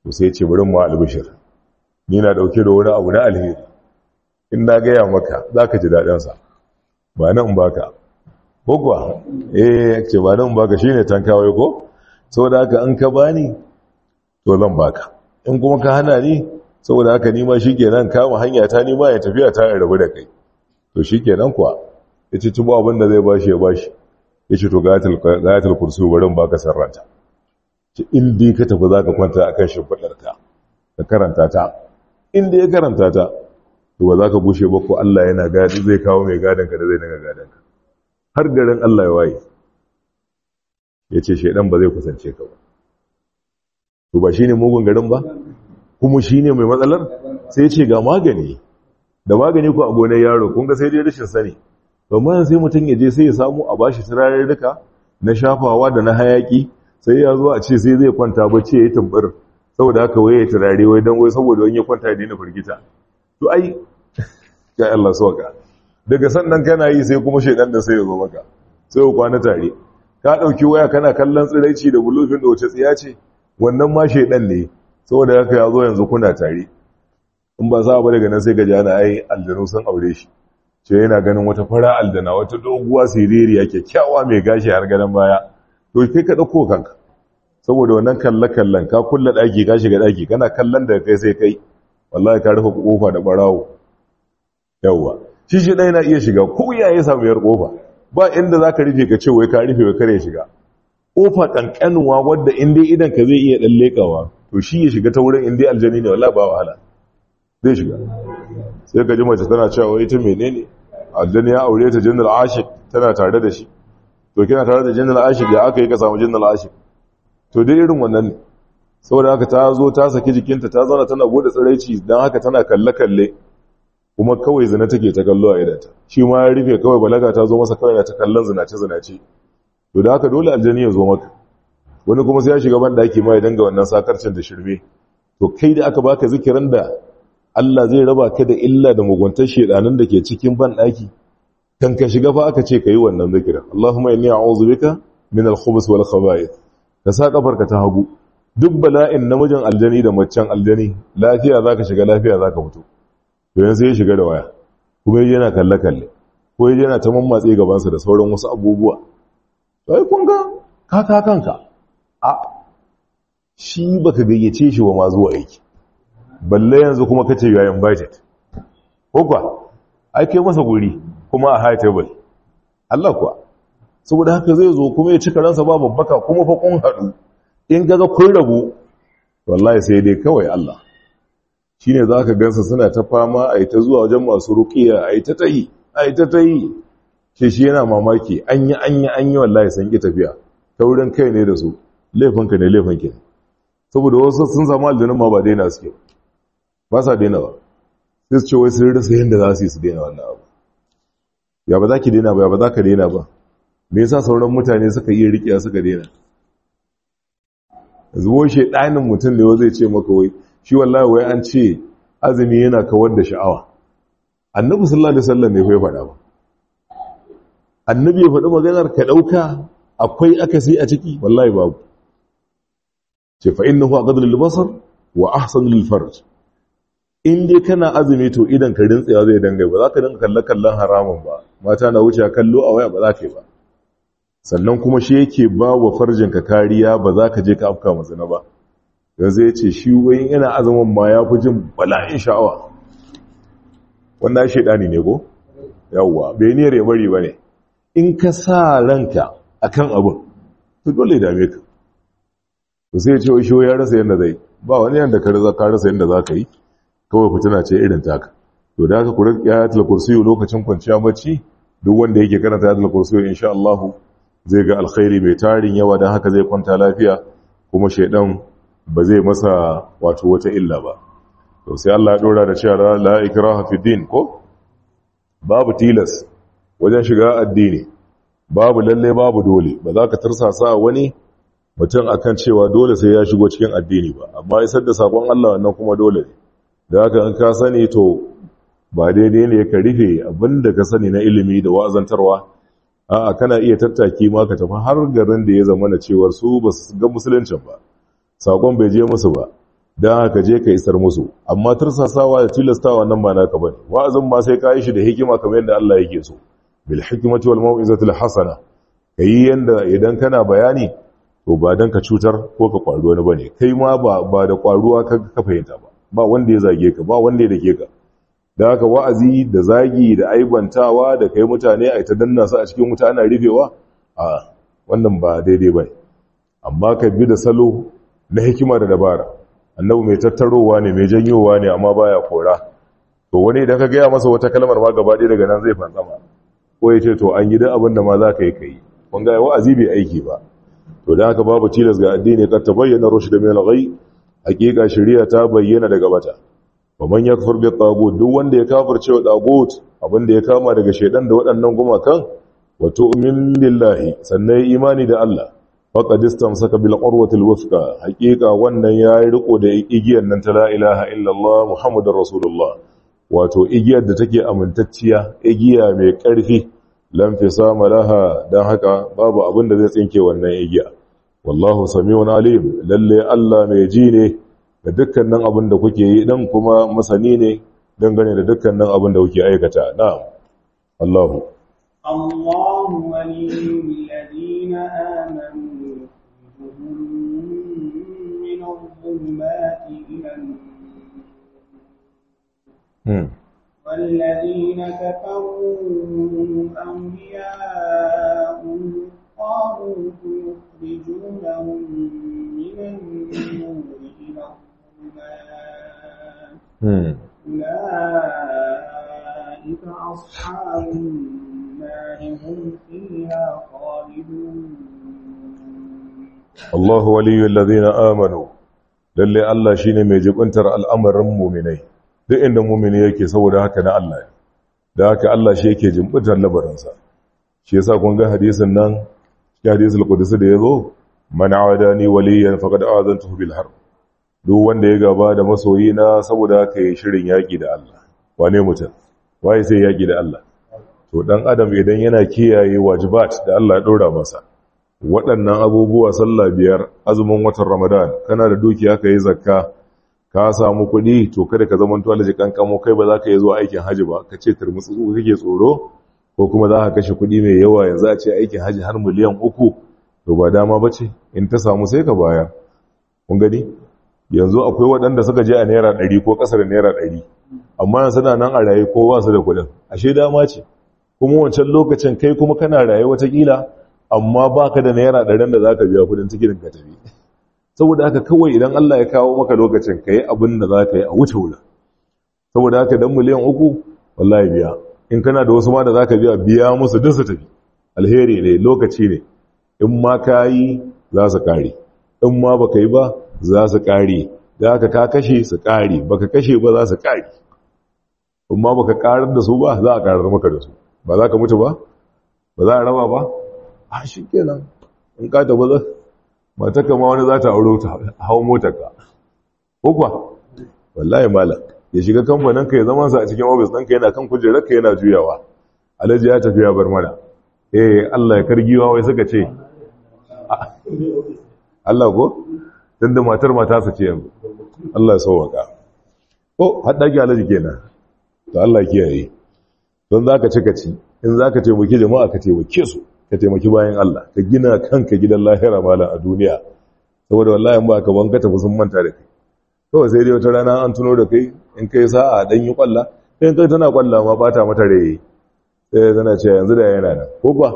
to sai ya ce bari mu albishir ni na dauke da wani abu na alheri in na gaya maka za ka ji daɗinsa ba nan ba ka hukwa eh ce ba nan ba ka shi ne tankawai ko saboda haka an ka ba ni, to zan ka. in kuma ka hana ni saboda haka nima shi kenan kama hanya ta nima ya tafiya ta ya rabu da kai to shi kenan kuwa ya ci tubo abin da zai bashi ya bashi ya ce to gayatul kursu barin ka sarrata Ci in dai ka tafi za ka kwanta a kan shimfiɗarka ka karanta ta in da ya karanta ta to ba za ka bushe ba ko Allah yana gadi zai kawo mai gadon ka da zai daga gadon ka har garin Allah ya waye ya ce shaidan ba zai kusance ka ba to ba shine mugun garin ba kuma shine mai matsalar sai ya ce ga magani da magani ko a gonar yaro kun ga sai dai rashin sani domin sai mutum ya je sai ya samu a bashi turare duka na shafawa da na hayaki sai ya zo a ce sai zai kwanta ba ce ya yi tumbur saboda haka waye turare wai dan wai saboda wani ya kwanta ya daina firgita to ai [laughs] ya Allah ka. daga sannan kana yi sai kuma shaidan da sai ya zo maka sai ku kwana tare ka dauki waya kana kallon tsiraici da bulufin da wace tsiya ce wannan ma shedan ne saboda haka ya zo yanzu kuna tare in ba za ba daga nan sai ga jana ai aljanu sun aure shi ce yana ganin wata fara aldana wata doguwa siririya kyakkyawa mai gashi har ganin baya to kai ka dauko kanka saboda wannan kalle-kallen ka kulle daki ka shiga daki kana kallon da kai sai kai wallahi ta rufe kofa da barawo yawa shi shi ɗaya na iya shiga ko ya yi samu yar kofa ba inda za ka rufe ka ce wai ka rufe wai kare shiga kofa kankanuwa wadda in dai idan ka zai iya ɗan lekawa to shi ya shiga ta wurin in dai aljani ne wallahi ba wahala zai shiga sai ka ji mace tana cewa wai ta menene aljani ya aure ta jinnal ashiq tana tare da shi to kina tare da jinnal ashiq ya aka yi ka samu jinnal ashiq to dai irin wannan ne saboda haka ta zo ta saki jikinta ta zauna tana bude tsiraici don haka tana kalle-kalle kuma kawai zina take ta kallo a idanta shi ma ya rufe kawai balaga ta zo masa kawai na ta kallon zinace-zinace to da haka dole aljani ya zo maka wani kuma sai ya shiga ban daki ma ya danga wannan sakarcin da shirme to kai da aka baka zikirin da Allah zai raba ka da illa da muguntar shedanin da ke cikin ban daki kan ka shiga fa aka ce kai wannan zikirin Allahumma inni a'udhu bika min al-khubuth wal khaba'ith ka sa kafarka ta hagu duk bala'in namijin aljani da macen aljani lafiya za ka shiga lafiya za ka mutu. domin sai ya shiga da waya kuma ya yana kalle-kalle ko ya yana ta mammatsi gabansa da sauran wasu abubuwa sai kun kaka kanka a shi ba ka gayyace shi wa ma zuwa aiki balle yanzu kuma kace yayin budget ko aiki ai masa guri kuma a high table Allah kuwa saboda haka zai zo kuma ya cika ransa ba babbaka kuma fa kun haɗu in gaga kun rabu wallahi sai dai kawai Allah Shi ne za ka gansa suna ta fama a yi ta zuwa wajen masu rukiya a yi ta ta yi a yi ta ta yi Ke shi yana mamaki an yi an yi an yi wallahi sun ki tafiya ta wurin kai ne da su laifinka ne laifinki saboda wasu sun zama aljanin ma ba daina suke ba sa daina ba sai su ce wai sun rasa yadda za su yi su daina wannan abu ya ba za ki daina ba ya ba za ka daina ba me yasa sauran mutane suka iya riƙiya suka daina zuwa ɗanin mutum da zai ce maka wai shi wallahi wai an ce azumi yana kawar da sha'awa annabi sallallahu alaihi wasallam ne ya faɗa ba annabi ya faɗi maganar ka ɗauka akwai akasi a ciki wallahi babu ce fa innahu aqdar basar wa ahsan lil farj in dai kana azumi to idan ka rintsewa zai danga ba za ka dinga kalle kallon haramun ba mata na wuce kallo a waya ba za ka yi ba sannan kuma shi yake ba wa ka kariya ba za ka je ka afka mazina ba da zai ce shi wai yana azumin ma ya fi jin bala'in sha'awa wanda shi ɗani ne ko yawwa bai ne rebari ba ne in ka sa ranka a kan abin to dole dame ka to sai ce shi ya rasa yadda zai ba wani yadda ka rasa yadda za ka yi kawai ku tana ce irin taka to da aka kuri ya kursiyu lokacin kwanciya bacci duk wanda yake karanta ya kursiyu insha Allahu zai ga alkhairi mai tarin yawa don haka zai kwanta lafiya kuma shaidan ba zai masa wato wata illa ba to sai Allah ya dora da cewa la ikraha fi din ko babu tilas wajen shiga addini babu lalle babu dole ba za ka tarsasa wani mutum akan cewa dole sai ya shigo cikin addini ba amma isar da sakon Allah wannan kuma dole ne da haka in ka sani to ba daidai ne ka rufe abinda ka sani na ilimi da wa'azantarwa a'a kana iya tattaki ma ka tafi har garin da ya zama na cewar su ba su ga musuluncin ba sakon bai je musu ba don haka je ka isar musu amma tursasawa da tilastawa nan ba naka Wa wa'azin ba sai ka yi shi da hikima kamar yadda Allah yake so bil hikmati wal mau'izatil hasana kayi yanda idan kana bayani to ba dan ka cutar ko ka kwaro wani bane kai ma ba ba da kwaruwa ka ka fahimta ba ba wanda ya zage ka ba wanda ya dake ka da haka wa'azi da zagi da aibantawa da kai mutane a ita danna su a cikin wuta ana rufewa a wannan ba daidai ba amma ka bi da salo na hikima da dabara annabi mai tattarowa ne mai janyowa ne amma baya kora to wani da ka gaya masa wata kalmar ma gaba daga nan zai fantsama ko ya ce to an yi da abin da ma za ka yi ka yi kun ga wa'azi bai aiki ba to da haka babu tilas ga addini ka ta bayyana rushd min al-ghay hakika shari'a ta bayyana daga bata wa man yakfur bi duk wanda ya kafirce wa tagut abinda ya kama daga shedan da waɗannan gumakan wa tu'min billahi sannan imani da Allah faqad istamsaka bil urwati alwuthqa haqiqa wannan yayi riko da igiyar nan ta la ilaha illallah muhammadur rasulullah wato igiyar da take amintacciya igiya mai ƙarfi lam sama laha dan haka babu abin da zai tsinke wannan igiya wallahu samiun alim lalle Allah mai ji ne da dukkanin abin da kuke yi ɗin kuma masani ne dangane da dukkanin abin da kuke aikata na'am Allahu Allahu أولئك أصحاب النار هم فيها خالدون الله ولي الذين آمنوا lalle Allah shine mai jibuntar al'amarin mu'minai duk inda mu'mini yake saboda haka na Allah ne da haka Allah shi yake jibuntar labarinsa shi yasa kun ga hadisin nan ya hadisul qudsi da yazo man awada ni waliyan faqad azantuhu bil harb duk wanda ya gaba da masoyi na saboda haka yi shirin yaƙi da Allah wane mutum waye sai yaƙi da Allah to dan adam idan yana kiyaye wajibat da Allah ya ɗora masa waɗannan abubuwa sallah biyar azumin watan Ramadan kana da dukiya ka yi zakka ka samu kuɗi to kada ka zama jikan kamo kai ba za ka yi zuwa aikin haji ba ka ce turmutsu kake tsoro ko kuma za ka kashe kuɗi mai yawa yanzu a ce aikin haji har miliyan uku to ba dama ba ce in ta samu sai ka baya kun gani yanzu akwai waɗanda suka je a naira ɗari ko ƙasar naira ɗari amma suna nan a raye ko ba su da kuɗin ashe dama ce kuma wancan lokacin kai kuma kana raye watakila amma ba ka da naira ɗarin da za ka biya kuɗin cikin ka tafi saboda haka kawai idan allah ya kawo maka lokacin ka yi abin da za ka yi a wuce wula saboda haka dan miliyan uku wallahi biya in kana da wasu ma da za ka biya biya musu duk su tafi alheri ne lokaci ne in ma ka yi za su kare in ma baka yi ba za su ƙari da aka ka kashe su kare baka kashe ba za su ƙari in ma baka karar da su ba za a karar maka da su ba za ka mutu ba ba za a raba ba a shi kenan in ka ta baza mata kama wani za ta auro ta hau motarka ko kuwa wallahi malam ya shiga kamfanin ka ya zama sa a cikin ofis ɗanka yana kan kujerar ka yana juyawa alhaji ya tafiya bar mana eh Allah ya kargiwa wai suka ce Allah ko dan matar mata su ce yanzu Allah ya sauwaka ko har ki alaji kenan to Allah kiyaye don zaka ci ka ci in zaka taimaki jama'a ka taimake su ka taimaki bayan Allah ka gina kanka gidan lahira malam a duniya saboda wallahi ba ka wanka tafi sun manta da kai kawai sai dai wata rana an tuno da kai in kai sa'a dan yi kwalla in kai tana kwalla ma ta mata raye sai tana ce yanzu da yana nan ko ba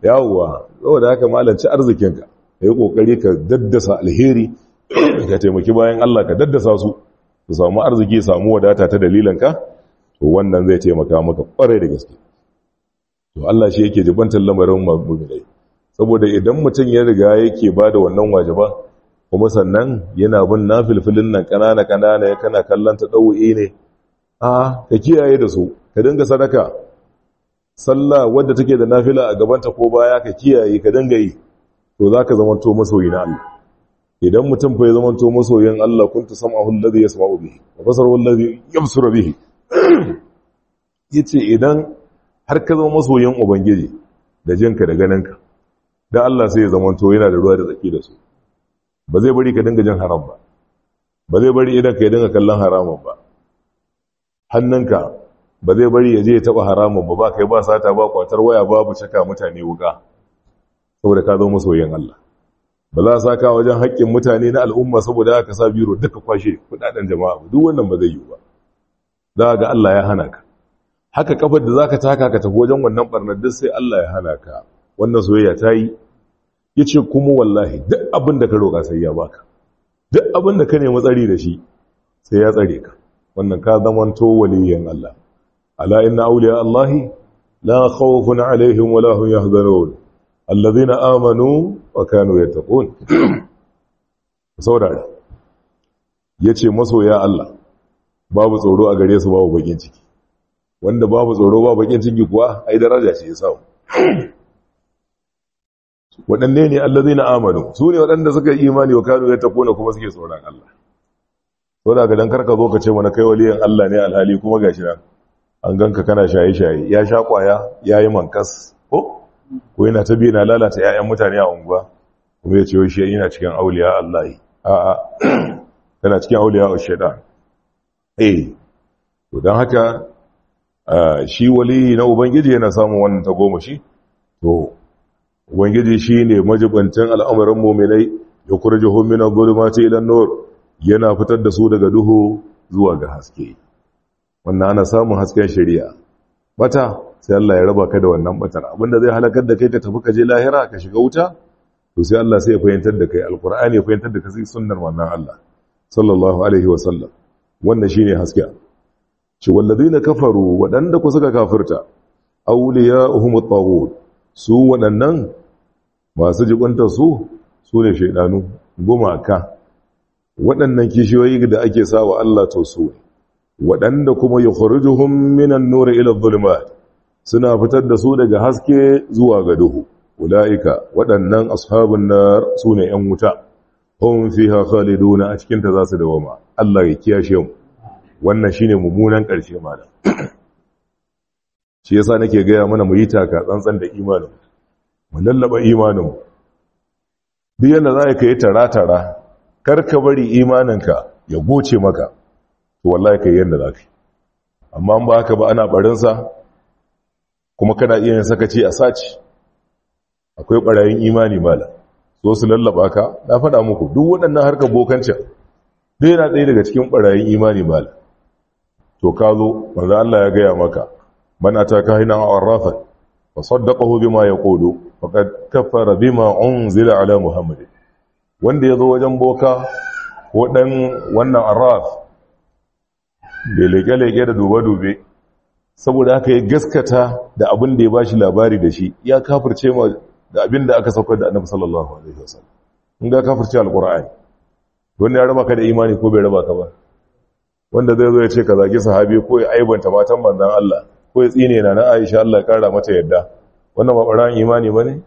yawwa saboda haka malam ci arzikinka ka yi ƙoƙari ka daddasa alheri ka taimaki bayan Allah ka daddasa su su samu arziki samu wadata ta dalilanka to wannan zai taimaka maka ƙwarai da gaske to Allah shi yake jibantar lamarin mu'minai saboda idan mutum ya riga yake ba da wannan wajaba kuma sannan yana bin na filfilin nan ƙanana ƙanana ya kana kallon ta ɗau'i ne a ka kiyaye da su ka dinga sadaka sallah wadda take da nafila a gabanta ko baya ka kiyaye ka dinga yi to za ka zamanto masoyi na Allah idan mutum fa ya zamanto masoyin Allah kun ta sama hulɗar da ya sama ubi da fasar hulɗar da ya fusura bihi ya ce idan har ka zama masoyin ubangiji da jinka da ganinka da Allah sai ya zamanto yana da ruwa da tsaki da su ba zai bari ka dinga jin haram ba ba zai bari idan ka ya dinga kallon haramun ba hannunka ba zai bari ya je ya taba haramun ba ba kai ba sata ba kwatar waya babu caka mutane wuka saboda ka zo masoyin Allah ba za sa saka wajen haƙƙin mutane na al'umma saboda ka sa biro duka kwashe kudaden jama'a duk wannan ba zai yi ba za ga Allah ya hana ka haka kafar da zaka taka ka tafi wajen wannan barnar duk sai Allah ya hana ka wannan soyayya ta yi ce kuma wallahi duk abin da ka roƙa sai ya baka duk abin da ka nemi tsari da shi sai ya tsare ka wannan ka zamanto waliyin Allah ala inna awliya Allah la khawfun alaihim wa hum yahzanun allazina amanu wa kanu yattaqun saboda yace masoya Allah babu tsoro a gare su babu bakin ciki wanda babu tsoro babu bakin ciki kuwa ai daraja ce ya samu waɗanne ne allazina amanu su ne waɗanda suka yi imani wa kanu yattaquna kuma suke tsoron Allah saboda ga dan karka zo ka ce mana kai waliyan Allah ne alhali kuma gashi nan an ganka kana shaye-shaye ya sha kwaya yayi mankas ko ko yana ta biyu na lalata 'ya'yan mutane a unguwa kuma ya ce shi yana cikin auliya Allah a'a yana [clears throat] cikin auliya wa shaitan eh to dan haka shi wali na ubangiji yana samun wannan ta goma shi to ubangiji shine majibantan al'amuran mu'minai ya kurjuhum min adh-dhulumati ila an-nur yana fitar da su daga duhu zuwa ga haske wannan ana samun hasken shari'a bata sai Allah ya raba ka da wannan batar abinda zai halakar da kai ka tafi ka je lahira ka shiga wuta to sai Allah sai ya fahimtar da kai alqur'ani ya fahimtar da kai sunnar wannan Allah sallallahu alaihi wa sallam wannan shine haske shi walladina kafaru wadanda ku suka kafirta awliya'uhum at-taghut su wadannan masu jibunta su su ne shaydanu gumaka waɗannan kishiyoyi da ake sawa Allah to su waɗanda kuma yukhrijuhum minan nuri ila adh-dhulumat suna fitar da su daga haske zuwa ga duhu ula'ika waɗannan ashabun nar su ne ‘yan wuta hun fi khaliduna a cikinta za su dawama Allah ya kiyashe mu wannan shi ne mummunan ƙarshe mana. shi yasa nake gaya mana mu yi taka tsantsan da imanin mu lallaba imanin mu duk yadda za ka yi tara-tara kar ka bari imaninka ya goce maka to wallahi ka yi yadda za ka yi amma ba haka ba ana barinsa kuma kana iya yin sakaci a saci akwai ɓarayin imani mala so su lallaba ka na faɗa muku duk waɗannan harkar bokancin duk yana ɗaya daga cikin ɓarayin imani mala to ka zo wanda Allah ya gaya maka man hina a arrafa wa saddaqahu bima ba ka kafara bima unzila ala wanda ya zo wajen boka ko dan wannan arraf da leke-leke da dube-dube saboda haka ya gaskata da abin da ya shi labari da shi ya kafirce ma da abin da aka saukar da annabi sallallahu alaihi wasallam in ga kafirce alqur'ani wanda ya raba ka da imani ko bai raba ka ba wanda zai zo ya ce ka zagi sahabi ko ya aibanta matan manzon Allah ko ya tsine na na Aisha Allah ya kara mata yadda wannan ba baran imani bane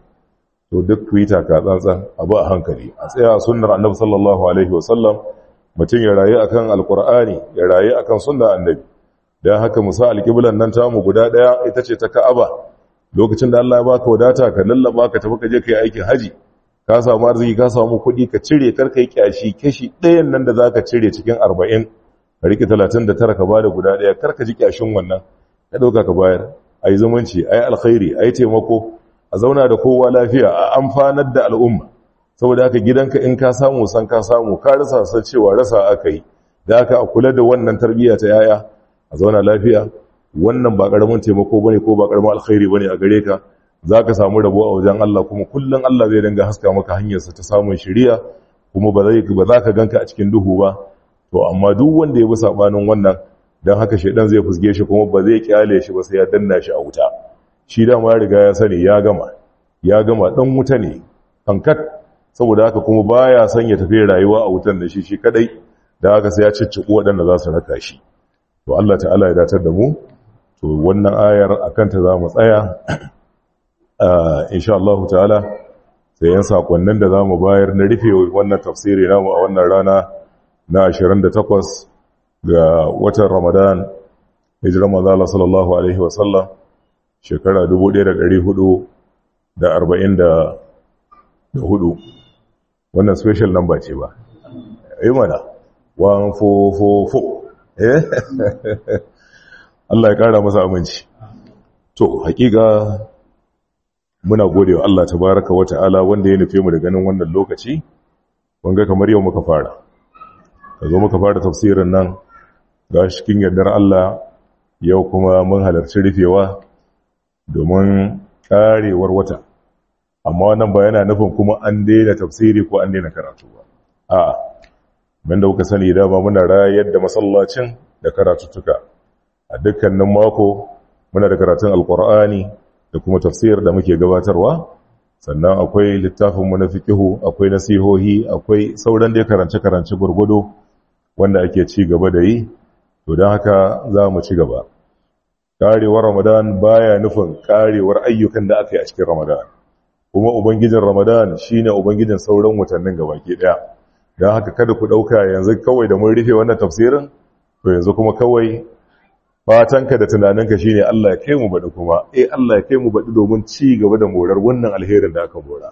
to duk twitter ka tsantsan abu a hankali a tsaya sunnar annabi sallallahu alaihi wasallam mutum ya rayu akan alqur'ani ya rayu akan sunnar annabi Da haka musa alƙiblan nan ta mu guda ɗaya ita ce ta ka'aba lokacin da Allah ya baka wadata ka lallaba ka tafi ka je ka yi aikin haji ka samu arziki ka samu kuɗi ka cire kar ka yi kyashi kashi ɗayan nan da zaka cire cikin 40 ka rike 39 ka bada guda ɗaya kar ka ji kyashin wannan ka ɗauka ka bayar ai zumunci ai alkhairi ai taimako a zauna da kowa lafiya a amfanar da al'umma saboda haka gidanka in ka samu san ka samu ka rasa san cewa rasa aka yi da haka a kula da wannan tarbiyya ta yaya a zauna lafiya wannan ba karamin taimako bane ko ba karamin alkhairi bane a gare ka zaka samu rabo a wajen Allah kuma kullum Allah zai danga haska maka hanyar sa ta samun shiriya kuma ba zai ba zaka ganka a cikin duhu ba to amma duk wanda ya bi sabanin wannan dan haka shedan zai fusge shi kuma ba zai kyale shi ba sai ya danna shi a wuta shi da ma riga ya sani ya gama ya gama dan wuta ne kankat saboda haka kuma baya son ya tafi rayuwa a wutan da shi shi kadai da haka sai ya cicciko waɗanda za su raka shi to Allah ta'ala ya datar da mu to wannan ayar akan ta za mu tsaya [clears throat] ah, insha Allah ta'ala sai yan sakonnin da za mu bayar na rufe wannan tafsiri namu a wannan rana na 28 ga watan Ramadan maza manzala sallallahu alaihi wasallam shekara 1444 wannan special number ce ba yi eh mana 1444 Eh? [laughs] Allah ya kara masa aminci to haƙiƙa muna gode wa Allah ta baraka wa ta'ala wanda ya nufe mu da ganin wannan lokaci wanga kamar yau muka fara ka zo muka fara tafsirin nan ga shikin yardar Allah yau kuma mun halarci rufewa domin ƙarewar wata amma wannan ba yana nufin kuma an daina tafsiri ko an daina karatu ba a'a wanda kuka sani dama muna rayar da masallacin da karatuttuka a dukkanin mako muna da karatun alkur'ani da kuma tafsir da muke gabatarwa sannan akwai littafin mu na akwai nasihohi akwai sauran da karance karance gurgudu wanda ake ci gaba da yi to don haka za mu ci gaba karewar ramadan baya nufin karewar ayyukan da aka yi a cikin ramadan kuma ubangijin ramadan shine ubangijin sauran watannin gabaki ɗaya. don haka kada ku ɗauka yanzu kawai da mun rufe wannan tafsirin to yanzu kuma kawai fatanka da tunaninka shine Allah ya kai mu baɗi kuma eh Allah ya kai mu baɗi domin ci gaba da morar wannan alherin da aka mora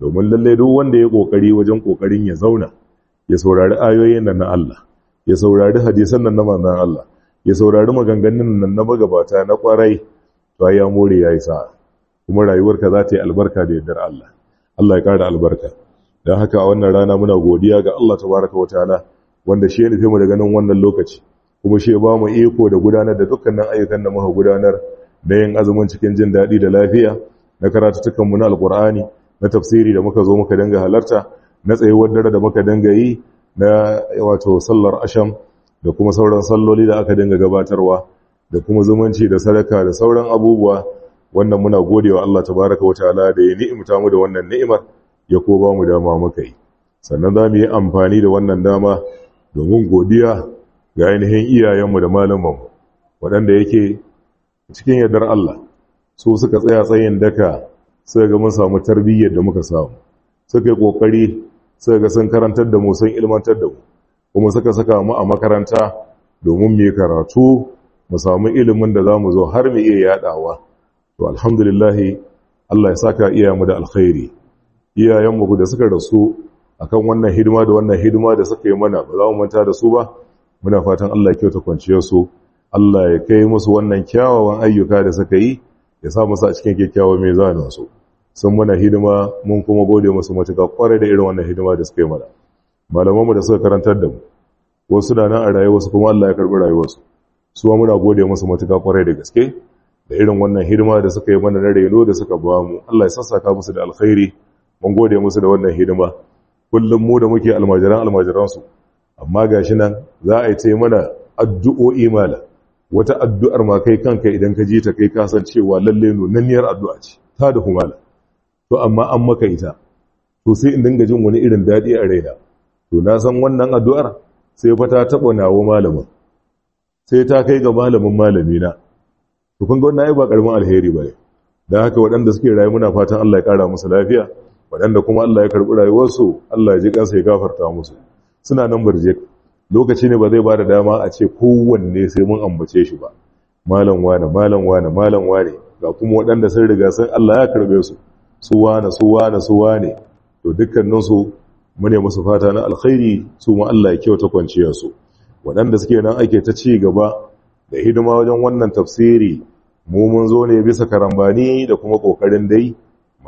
domin lallai duk wanda ya kokari wajen kokarin ya zauna ya saurari ayoyin nan na Allah ya saurari hadisan nan na manzon Allah ya saurari maganganun nan na magabata na kwarai to ya more yayi sa'a kuma rayuwarka za ta yi albarka da yardar Allah Allah ya ƙara albarka don haka a wannan rana muna godiya ga Allah tabaraka wa ta'ala wanda shi ya nufe mu daga nan wannan lokaci kuma shi ya ba mu iko da gudanar da dukkanin ayyukan da muka gudanar da yin azumin cikin jin daɗi da lafiya na tukan mu na alkur'ani na tafsiri da muka zo muka danga halarta na tsayuwar dare da muka danga yi na wato sallar asham da kuma sauran salloli da aka dinga gabatarwa da kuma zumunci da sadaka da sauran abubuwa wannan muna godewa Allah tabaraka wa ta'ala da ya ni'imta mu da wannan ni'imar ya ko ba mu dama muka yi sannan za mu yi amfani da wannan dama domin godiya ga ainihin iyayenmu da malamanmu waɗanda yake cikin yardar Allah su suka tsaya tsayin daka suka ga mun samu tarbiyyar da muka samu suka yi ƙoƙari suka ga sun karantar da mu sun ilmantar da mu kuma suka saka mu a makaranta domin mu yi karatu mu samu ilimin da za mu zo har mu iya yaɗawa to alhamdulillahi Allah ya saka mu da alkhairi iyayenmu da suka rasu akan wannan hidima da wannan hidima da suka yi mana ba za mu manta da su ba muna fatan Allah ya kyauta kwanciyar su Allah ya kai musu wannan kyawawan ayyuka da suka yi ya sa musu a cikin kyakkyawan mizanin su sun mana hidima mun kuma gode musu matuƙa kwarai da irin wannan hidima da suka yi mana malamanmu da suka karantar da mu wasu da nan a rayuwarsu kuma Allah ya karbi rayuwarsu su muna gode musu matuƙa kwarai da gaske da irin wannan hidima da suka yi mana na reno da suka ba mu Allah ya sassaka musu da alkhairi mun gode musu da wannan hidima kullum mu da muke almajiran almajiransu amma gashi nan za a yi ta mana addu'o'i mala wata addu'ar ma kai kanka idan ka je ta kai kasancewa lalle nunanniyar addu'a ce ta da humala to amma an maka ita to sai in dinga jin wani irin daɗi a raina to na san wannan addu'ar sai fa ta taɓa nawo malamin sai ta kai ga malamin malamina to kun ga wannan ai ba ƙaramin alheri ba ne don haka waɗanda suke rayu muna fatan Allah ya ƙara musu lafiya waɗanda kuma Allah ya karɓi rayuwarsu Allah ya ji ƙasa ya gafarta musu suna nan barje lokaci ne ba zai ba da dama a ce kowanne sai mun ambace shi ba malam wane malam wane malam wane ga kuma waɗanda sun riga sun Allah ya karɓe su su wane su wane su wane to dukkaninsu mu ne musu fata na alkhairi su ma Allah ya kyauta su waɗanda suke nan ake ta ci gaba da hidima wajen wannan tafsiri mu mun zo ne bisa karambani da kuma kokarin dai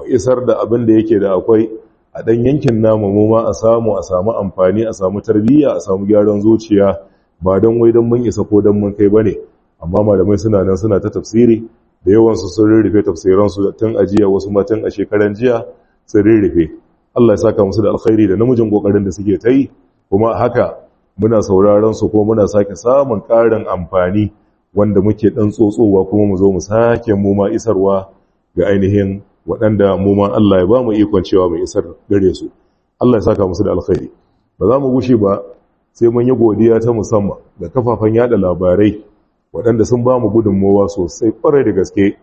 isar da abin da yake da akwai a ɗan yankin namu mu ma a samu a samu amfani a samu tarbiyya a samu gyaran zuciya ba don wai don mun isa ko don mun kai ba ne amma malamai suna nan suna ta tafsiri da yawansu sun tafsiran tafsiransu da tun ajiya wasu ma tun a shekaran jiya sun rirrife Allah ya saka musu da alkhairi da namijin kokarin da suke ta yi kuma haka muna sauraron su kuma muna sake samun ƙarin amfani wanda muke dan tsotsowa kuma mu zo mu sake mu ma isarwa ga ainihin waɗanda mu ma Allah ya ba mu ikon cewa mai isar gare su Allah ya saka musu da alkhairi ba za mu gushi ba sai mun yi godiya ta musamman da kafafen yada labarai waɗanda sun ba mu gudunmowa sosai ƙwarai da gaske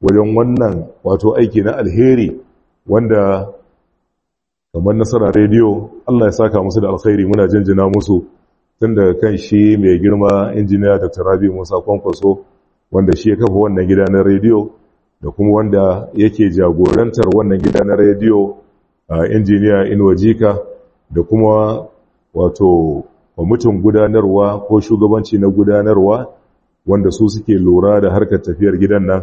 wajen wannan wato aiki na alheri wanda kamar nasara rediyo Allah ya saka musu da alkhairi muna jinjina musu tun daga kan shi mai girma injiniya da tarabi musa kwankwaso wanda shi ya kafa wannan gida na rediyo da kuma wanda yake jagorantar wannan gida na rediyo injiniya inwajika da kuma wato kwamitin gudanarwa ko shugabanci na gudanarwa wanda su suke lura da harkar tafiyar gidan nan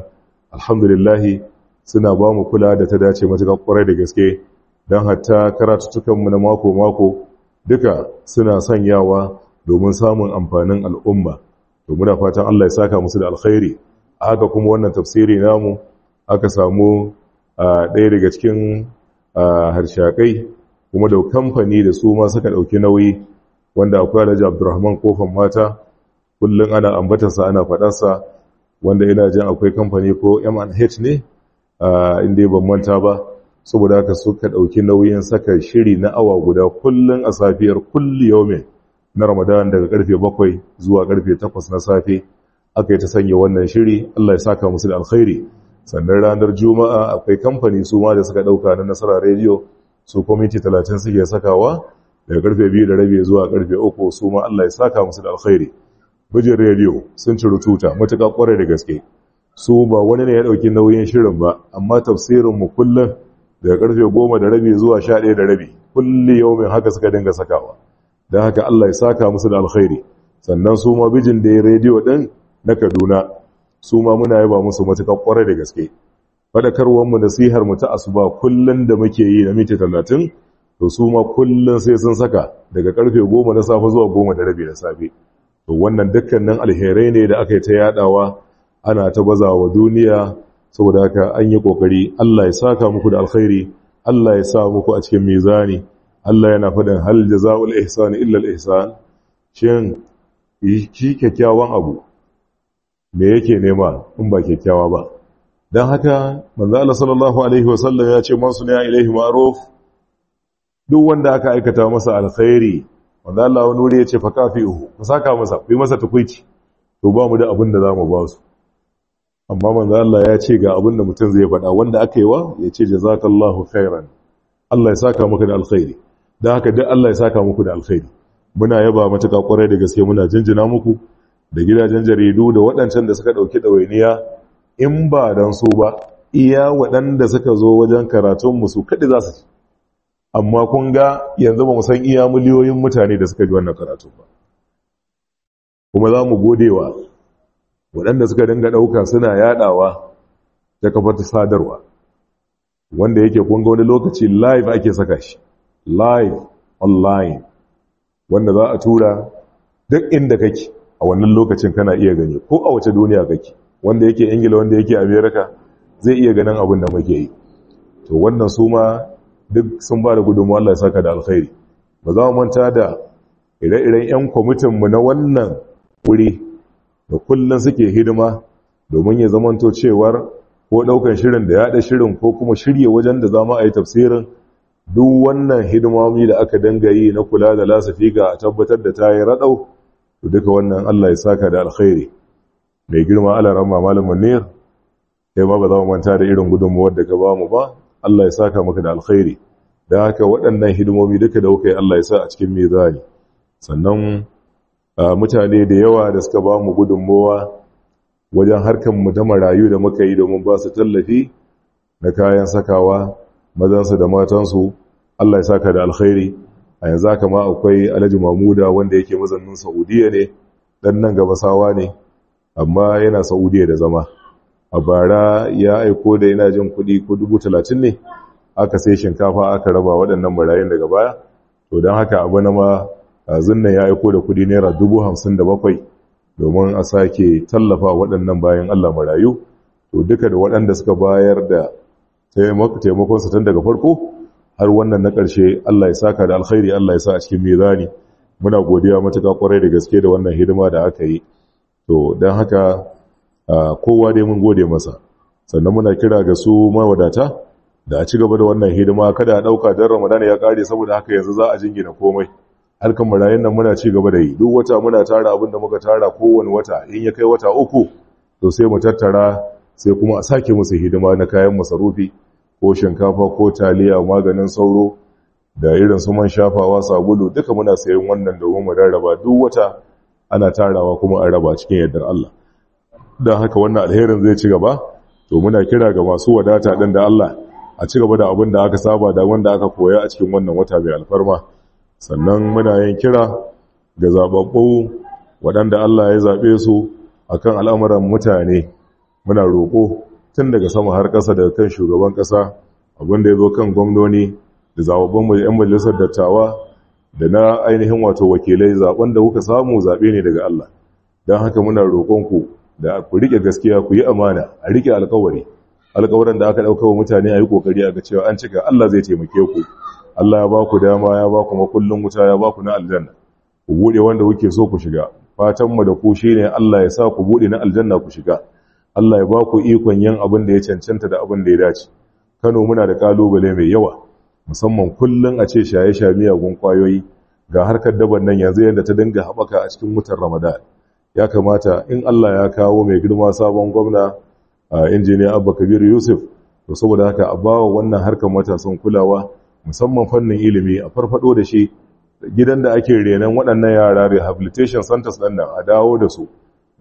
alhamdulillahi suna ba mu kula da ta dace matuƙa ƙwarai da gaske don hatta tukanmu na mako-mako duka suna sanyawa domin samun amfanin al'umma Domin muna fatan Allah ya saka musu da alkhairi haka kuma wannan tafsiri namu aka samu ɗaya daga cikin harshakai kuma da kamfani da su ma suka ɗauki nauyi wanda akwai alhaji abdurrahman kofan mata kullum ana ambatarsa ana faɗarsa wanda ina jin akwai kamfani ko m&h ne inda ban manta ba saboda haka suka ɗauki nauyin saka shiri na awa guda kullum a safiyar kulli yaumin na ramadan daga karfe bakwai, zuwa karfe takwas na safe aka yi ta sanya wannan shiri Allah ya saka musu da alkhairi sannan ranar juma'a akwai kamfani su ma da suka dauka na nasara radio su kwamiti 30 suke sakawa daga karfe 2 da rabi zuwa karfe 3 su ma Allah ya saka musu da alkhairi bujin radio sun ci rututa matuƙa kwarai da gaske su ba wani ne ya dauki nauyin shirin ba amma tafsirin mu kullum daga karfe 10 da rabi zuwa 11 da rabi kulli yawmin haka suka dinga sakawa don haka Allah ya saka musu da alkhairi sannan su ma bijin da ya rediyo ɗin na Kaduna su ma muna yaba musu matuƙar ƙwarai da gaske fadakarwar mu nasihar mu ta asuba kullun da muke yi na miti talatin, to su ma kullun sai sun saka daga karfe goma na safe zuwa goma da rabi da safe to wannan dukkanin alherai ne da aka yi ta yadawa ana ta baza wa duniya saboda haka an yi kokari Allah ya saka muku da alkhairi Allah ya sa muku a cikin mizani Allah yana faɗin hal jazaul ihsan illa al ihsan shin ki kyakkyawan abu me yake nema in ba kyakkyawa ba don haka manzo Allah sallallahu alaihi wasallam ya ce masu ne ilaihi ma'ruf duk wanda aka aikata masa alkhairi manzo Allah wani wuri ya ce fa kafihu ku saka masa ku yi masa tukuici to ba mu da abin da zamu ba su amma manzo Allah ya ce ga abin da mutum zai faɗa wanda aka yi wa ya ce jazakallahu khairan Allah ya saka maka da alkhairi don haka duk Allah ya saka muku da alkhairi muna yaba matuƙa ƙwarai da gaske muna jinjina muku da gidajen jaridu da waɗancan da suka ɗauki ɗawainiya in ba don su ba iya waɗanda suka zo wajen karatunmu su kaɗi za su ci amma kun ga yanzu ba musan iya miliyoyin mutane da suka ji wannan karatun ba kuma za mu gode wa waɗanda suka dinga ɗauka suna yaɗawa ta kafar sadarwa wanda yake kun ga wani lokaci live ake saka shi live online wanda za a tura duk inda kake a wannan lokacin kana iya gani ko a wace duniya kake wanda yake ingila wanda yake america zai iya ganin abin da muke yi to wannan su ma duk sun ba da gudunmu Allah ya saka da alkhairi ba za mu manta da ire-iren 'yan kwamitinmu na wannan wuri da kullum suke hidima domin ya zamanto cewar ko ɗaukan shirin da yaɗa shirin ko kuma shirya wajen da za mu a yi tafsirin duk wannan hidimomi da aka danga yi na kula da lasafi ga tabbatar da tayi yi raɗau to duka wannan Allah ya saka da alkhairi mai girma Allah rahma malamin ne sai ma ba za mu manta da irin gudunmuwar da ka ba mu ba Allah ya saka maka da alkhairi da haka waɗannan hidimomi duka da kuka yi Allah ya sa a cikin mizani sannan mutane da yawa da suka ba mu gudunmuwa wajen harkar mu ta marayu da muka yi domin ba su tallafi na kayan sakawa mazansu da matansu Allah ya saka da alkhairi a yanzu haka ma akwai alhaji mamuda wanda yake mazannin saudiya ne ɗan nan gaba sawa ne amma yana saudiya da zama a bara ya aiko da yana jin kuɗi ko dubu talatin ne aka sai shinkafa aka raba waɗannan marayun daga baya to don haka abu na ma zinnan ya aiko da kuɗi naira dubu hamsin da bakwai domin a sake tallafa waɗannan bayan allah marayu to duka da waɗanda suka bayar da taimakonsa tun daga farko har wannan na ƙarshe Allah ya saka da alkhairi Allah ya sa a cikin mizani muna godiya matuƙa ƙwarai da gaske da wannan hidima da aka yi to don haka kowa dai mun gode masa sannan muna kira ga su wadata. da a ci gaba da wannan hidima kada a ɗauka don ramadana ya kare saboda haka yanzu za a jingina komai harkar marayun nan muna ci gaba da yi duk wata muna tara abin da muka tara kowane wata in ya kai wata uku to sai mu tattara sai kuma a sake musu hidima na kayan masarufi ko shinkafa ko taliya maganin sauro da irin su man shafawa sabulu duka muna sayan wannan domin mu rarraba duk wata ana tarawa kuma an raba cikin yardar Allah dan haka wannan alherin zai ci gaba to muna kira ga masu wadata din da Allah a ci gaba da abin da aka saba da wanda aka koya a cikin wannan wata mai alfarma sannan muna yin kira ga zababbu waɗanda Allah ya zabe su akan al'amuran mutane muna roko. tun daga sama har ƙasa daga kan shugaban ƙasa abinda ya zo kan gwamnoni da zaɓaɓɓen mai 'yan majalisar dattawa da na ainihin wato wakilai zaɓen da kuka samu zaɓe ne daga Allah don haka muna roƙonku da ku riƙe gaskiya ku yi amana a riƙe alkawari alƙawarin da aka ɗauka wa mutane a yi ƙoƙari a ga cewa an cika Allah zai taimake ku Allah ya ba ku dama ya ba ku makullin wuta ya ba ku na aljanna ku buɗe wanda kuke so ku shiga fatan mu da ku shine Allah ya sa ku buɗe na aljanna ku shiga Allah ya ba ku ikon yin abin da ya cancanta da abin da ya dace Kano muna da kalubale mai yawa musamman kullum a ce shaye shaye miyagun kwayoyi ga harkar dabar nan yanzu yadda ta dinga haɓaka a cikin wutar Ramadan ya kamata in Allah ya kawo mai girma sabon gwamna a injiniya Abba Kabir Yusuf to saboda haka a bawa wannan harkar matasan kulawa musamman fannin ilimi a farfaɗo da shi gidan da ake renon waɗannan yara rehabilitation centers ɗan nan a dawo da su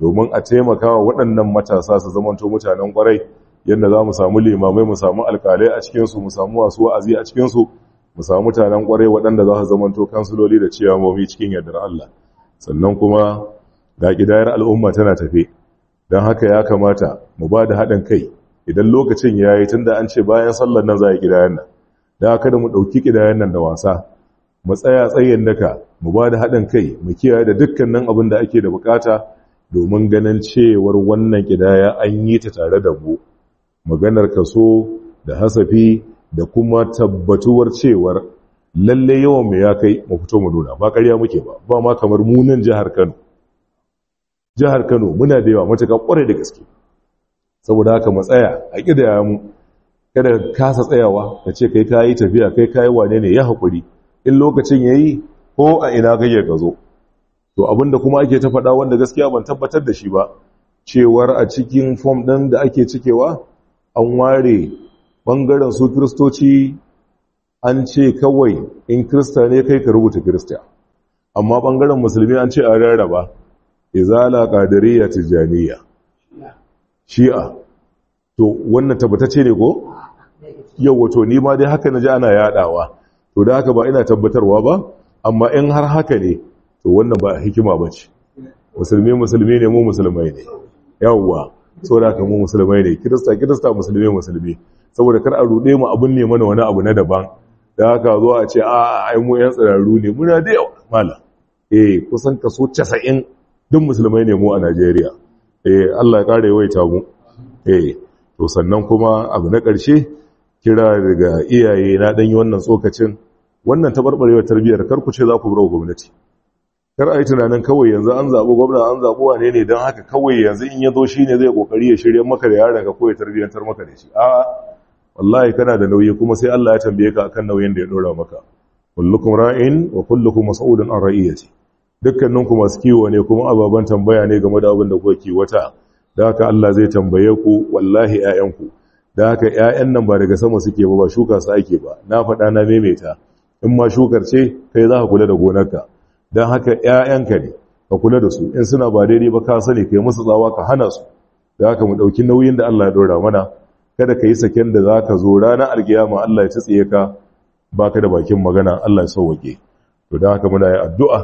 domin a taimaka wa waɗannan matasa su zamanto mutanen ƙwarai yadda za mu samu limamai mu samu alƙalai a cikinsu mu samu wasu wa'azi a cikinsu mu samu mutanen ƙwarai waɗanda za su zamanto kansuloli da ciyamomi cikin yardar Allah sannan kuma ga ƙidayar al'umma tana tafe don haka ya kamata mu ba da haɗin kai idan lokacin ya yi tun da an ce bayan sallar nan za a yi ƙidayar nan da haka da mu ɗauki ƙidayar nan da wasa mu tsaya tsayin daka mu ba da haɗin kai mu kiyaye da dukkanin abin da ake da buƙata domin ganin cewar wannan kidaya, an yi ta tare da mu maganar kaso da hasafi da kuma tabbatuwar cewar lalle yawan mu ya kai mafito fito mu nuna ba ƙarya muke ba ba ma kamar mu nan jihar Kano jihar Kano muna da yawa matuƙa ƙware da gaske saboda haka mu tsaya a ƙidaya mu kada ka kasa tsayawa ka ce kai ka yi tafiya kai ka yi wane ne ya haƙuri in lokacin yayi ko a ina kake ka zo to abinda kuma ake ta faɗa wanda gaskiya ban tabbatar da shi ba cewar a cikin fom ɗin da ake cikewa an ware ɓangaren su kiristoci an ce kawai in kirista ne kai ka rubuta kirista amma ɓangaren musulmi an ce a rarraba izala ƙadariya tijjaniya shi'a to wannan tabbatacce ne ko yau wato ni ma dai haka na ji ana yaɗawa to da haka ba ina tabbatarwa ba amma in har haka ne to wannan ba hikima ba ce musulmi musulmi ne mu musulmai ne yawwa saboda ka mu musulmai ne kirista kirista musulmi musulmi saboda kar a rude mu abun ne mana wani abu na daban da haka zo a ce a ai mu yan tsararru ne muna da yawa mala eh kusan kaso 90 duk musulmai ne mu a Najeriya eh Allah ya kare ta mu eh to sannan kuma abu na ƙarshe kira daga iyaye na danyi wannan tsokacin wannan tabarbarewar tarbiyyar kar ku ce za ku bura gwamnati kar a yi tunanin kawai yanzu an zaɓi gwamna an zaɓi wane ne don haka kawai yanzu in ya zo shi ne zai ƙoƙari ya shirya maka da yaran ka ko ya tarbiyyantar maka da shi a'a wallahi kana da nauyi kuma sai Allah ya tambaye ka akan nauyin da ya dora maka kullukum ra'in wa kullukum mas'udun an ra'iyati dukkanin masu kiwo ne kuma ababan tambaya ne game da abin da kuka kiwata da haka Allah zai tambaye ku wallahi ƴaƴan ku da haka ƴaƴan nan ba daga sama suke ba ba shuka su ake ba na faɗa na maimaita in ma shukar ce kai za ka kula da gonarka don haka ‘ya'yanka ne ka kula da su in suna ba daidai ba ka sani ka yi musu tsawa ka hana su da haka mu ɗauki nauyin da Allah ya ɗora mana kada ka yi saken da za ka zo ranar alkiyama Allah ya tsaye ka ba ka da bakin magana Allah ya sauwake to don haka muna yi addu'a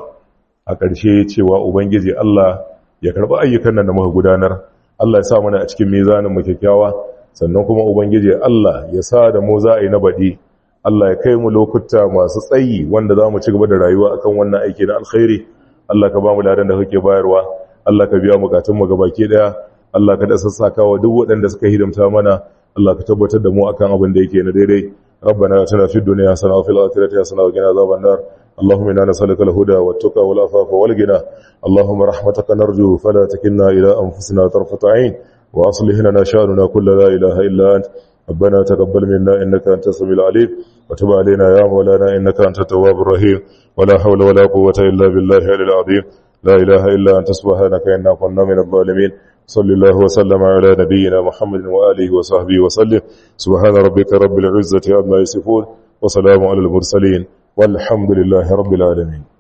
a ƙarshe cewa ubangiji Allah ya karɓi ayyukan nan da muka gudanar Allah ya sa mana a cikin mizanin mu kyakkyawa sannan kuma ubangiji Allah ya sa da mu za a yi na baɗi Allah ya kai mu lokuta masu tsayi wanda za mu ci gaba da rayuwa akan wannan aiki na alkhairi Allah ka ba mu ladan da kake bayarwa Allah ka biya bukatun mu gabaki daya Allah ka da sassaka duk waɗanda suka hidimta mana Allah ka tabbatar da mu akan abin da yake na daidai ربنا اتنا في الدنيا حسنه وفي الاخره حسنه وقنا عذاب النار اللهم انا نسالك الهدى والتقى والعفاف والغنى اللهم رحمتك نرجو فلا تكلنا الى انفسنا طرفه عين واصلح لنا شاننا كل لا اله الا انت ربنا تقبل منا إنك أنت السميع العليم وتب علينا يا مولانا إنك أنت التواب الرحيم ولا حول ولا قوة إلا بالله العظيم لا إله إلا أنت سبحانك إنا كنا من الظالمين صلى الله وسلم على نبينا محمد وآله وصحبه وسلم سبحان ربك رب العزة عما يصفون وسلام على المرسلين والحمد لله رب العالمين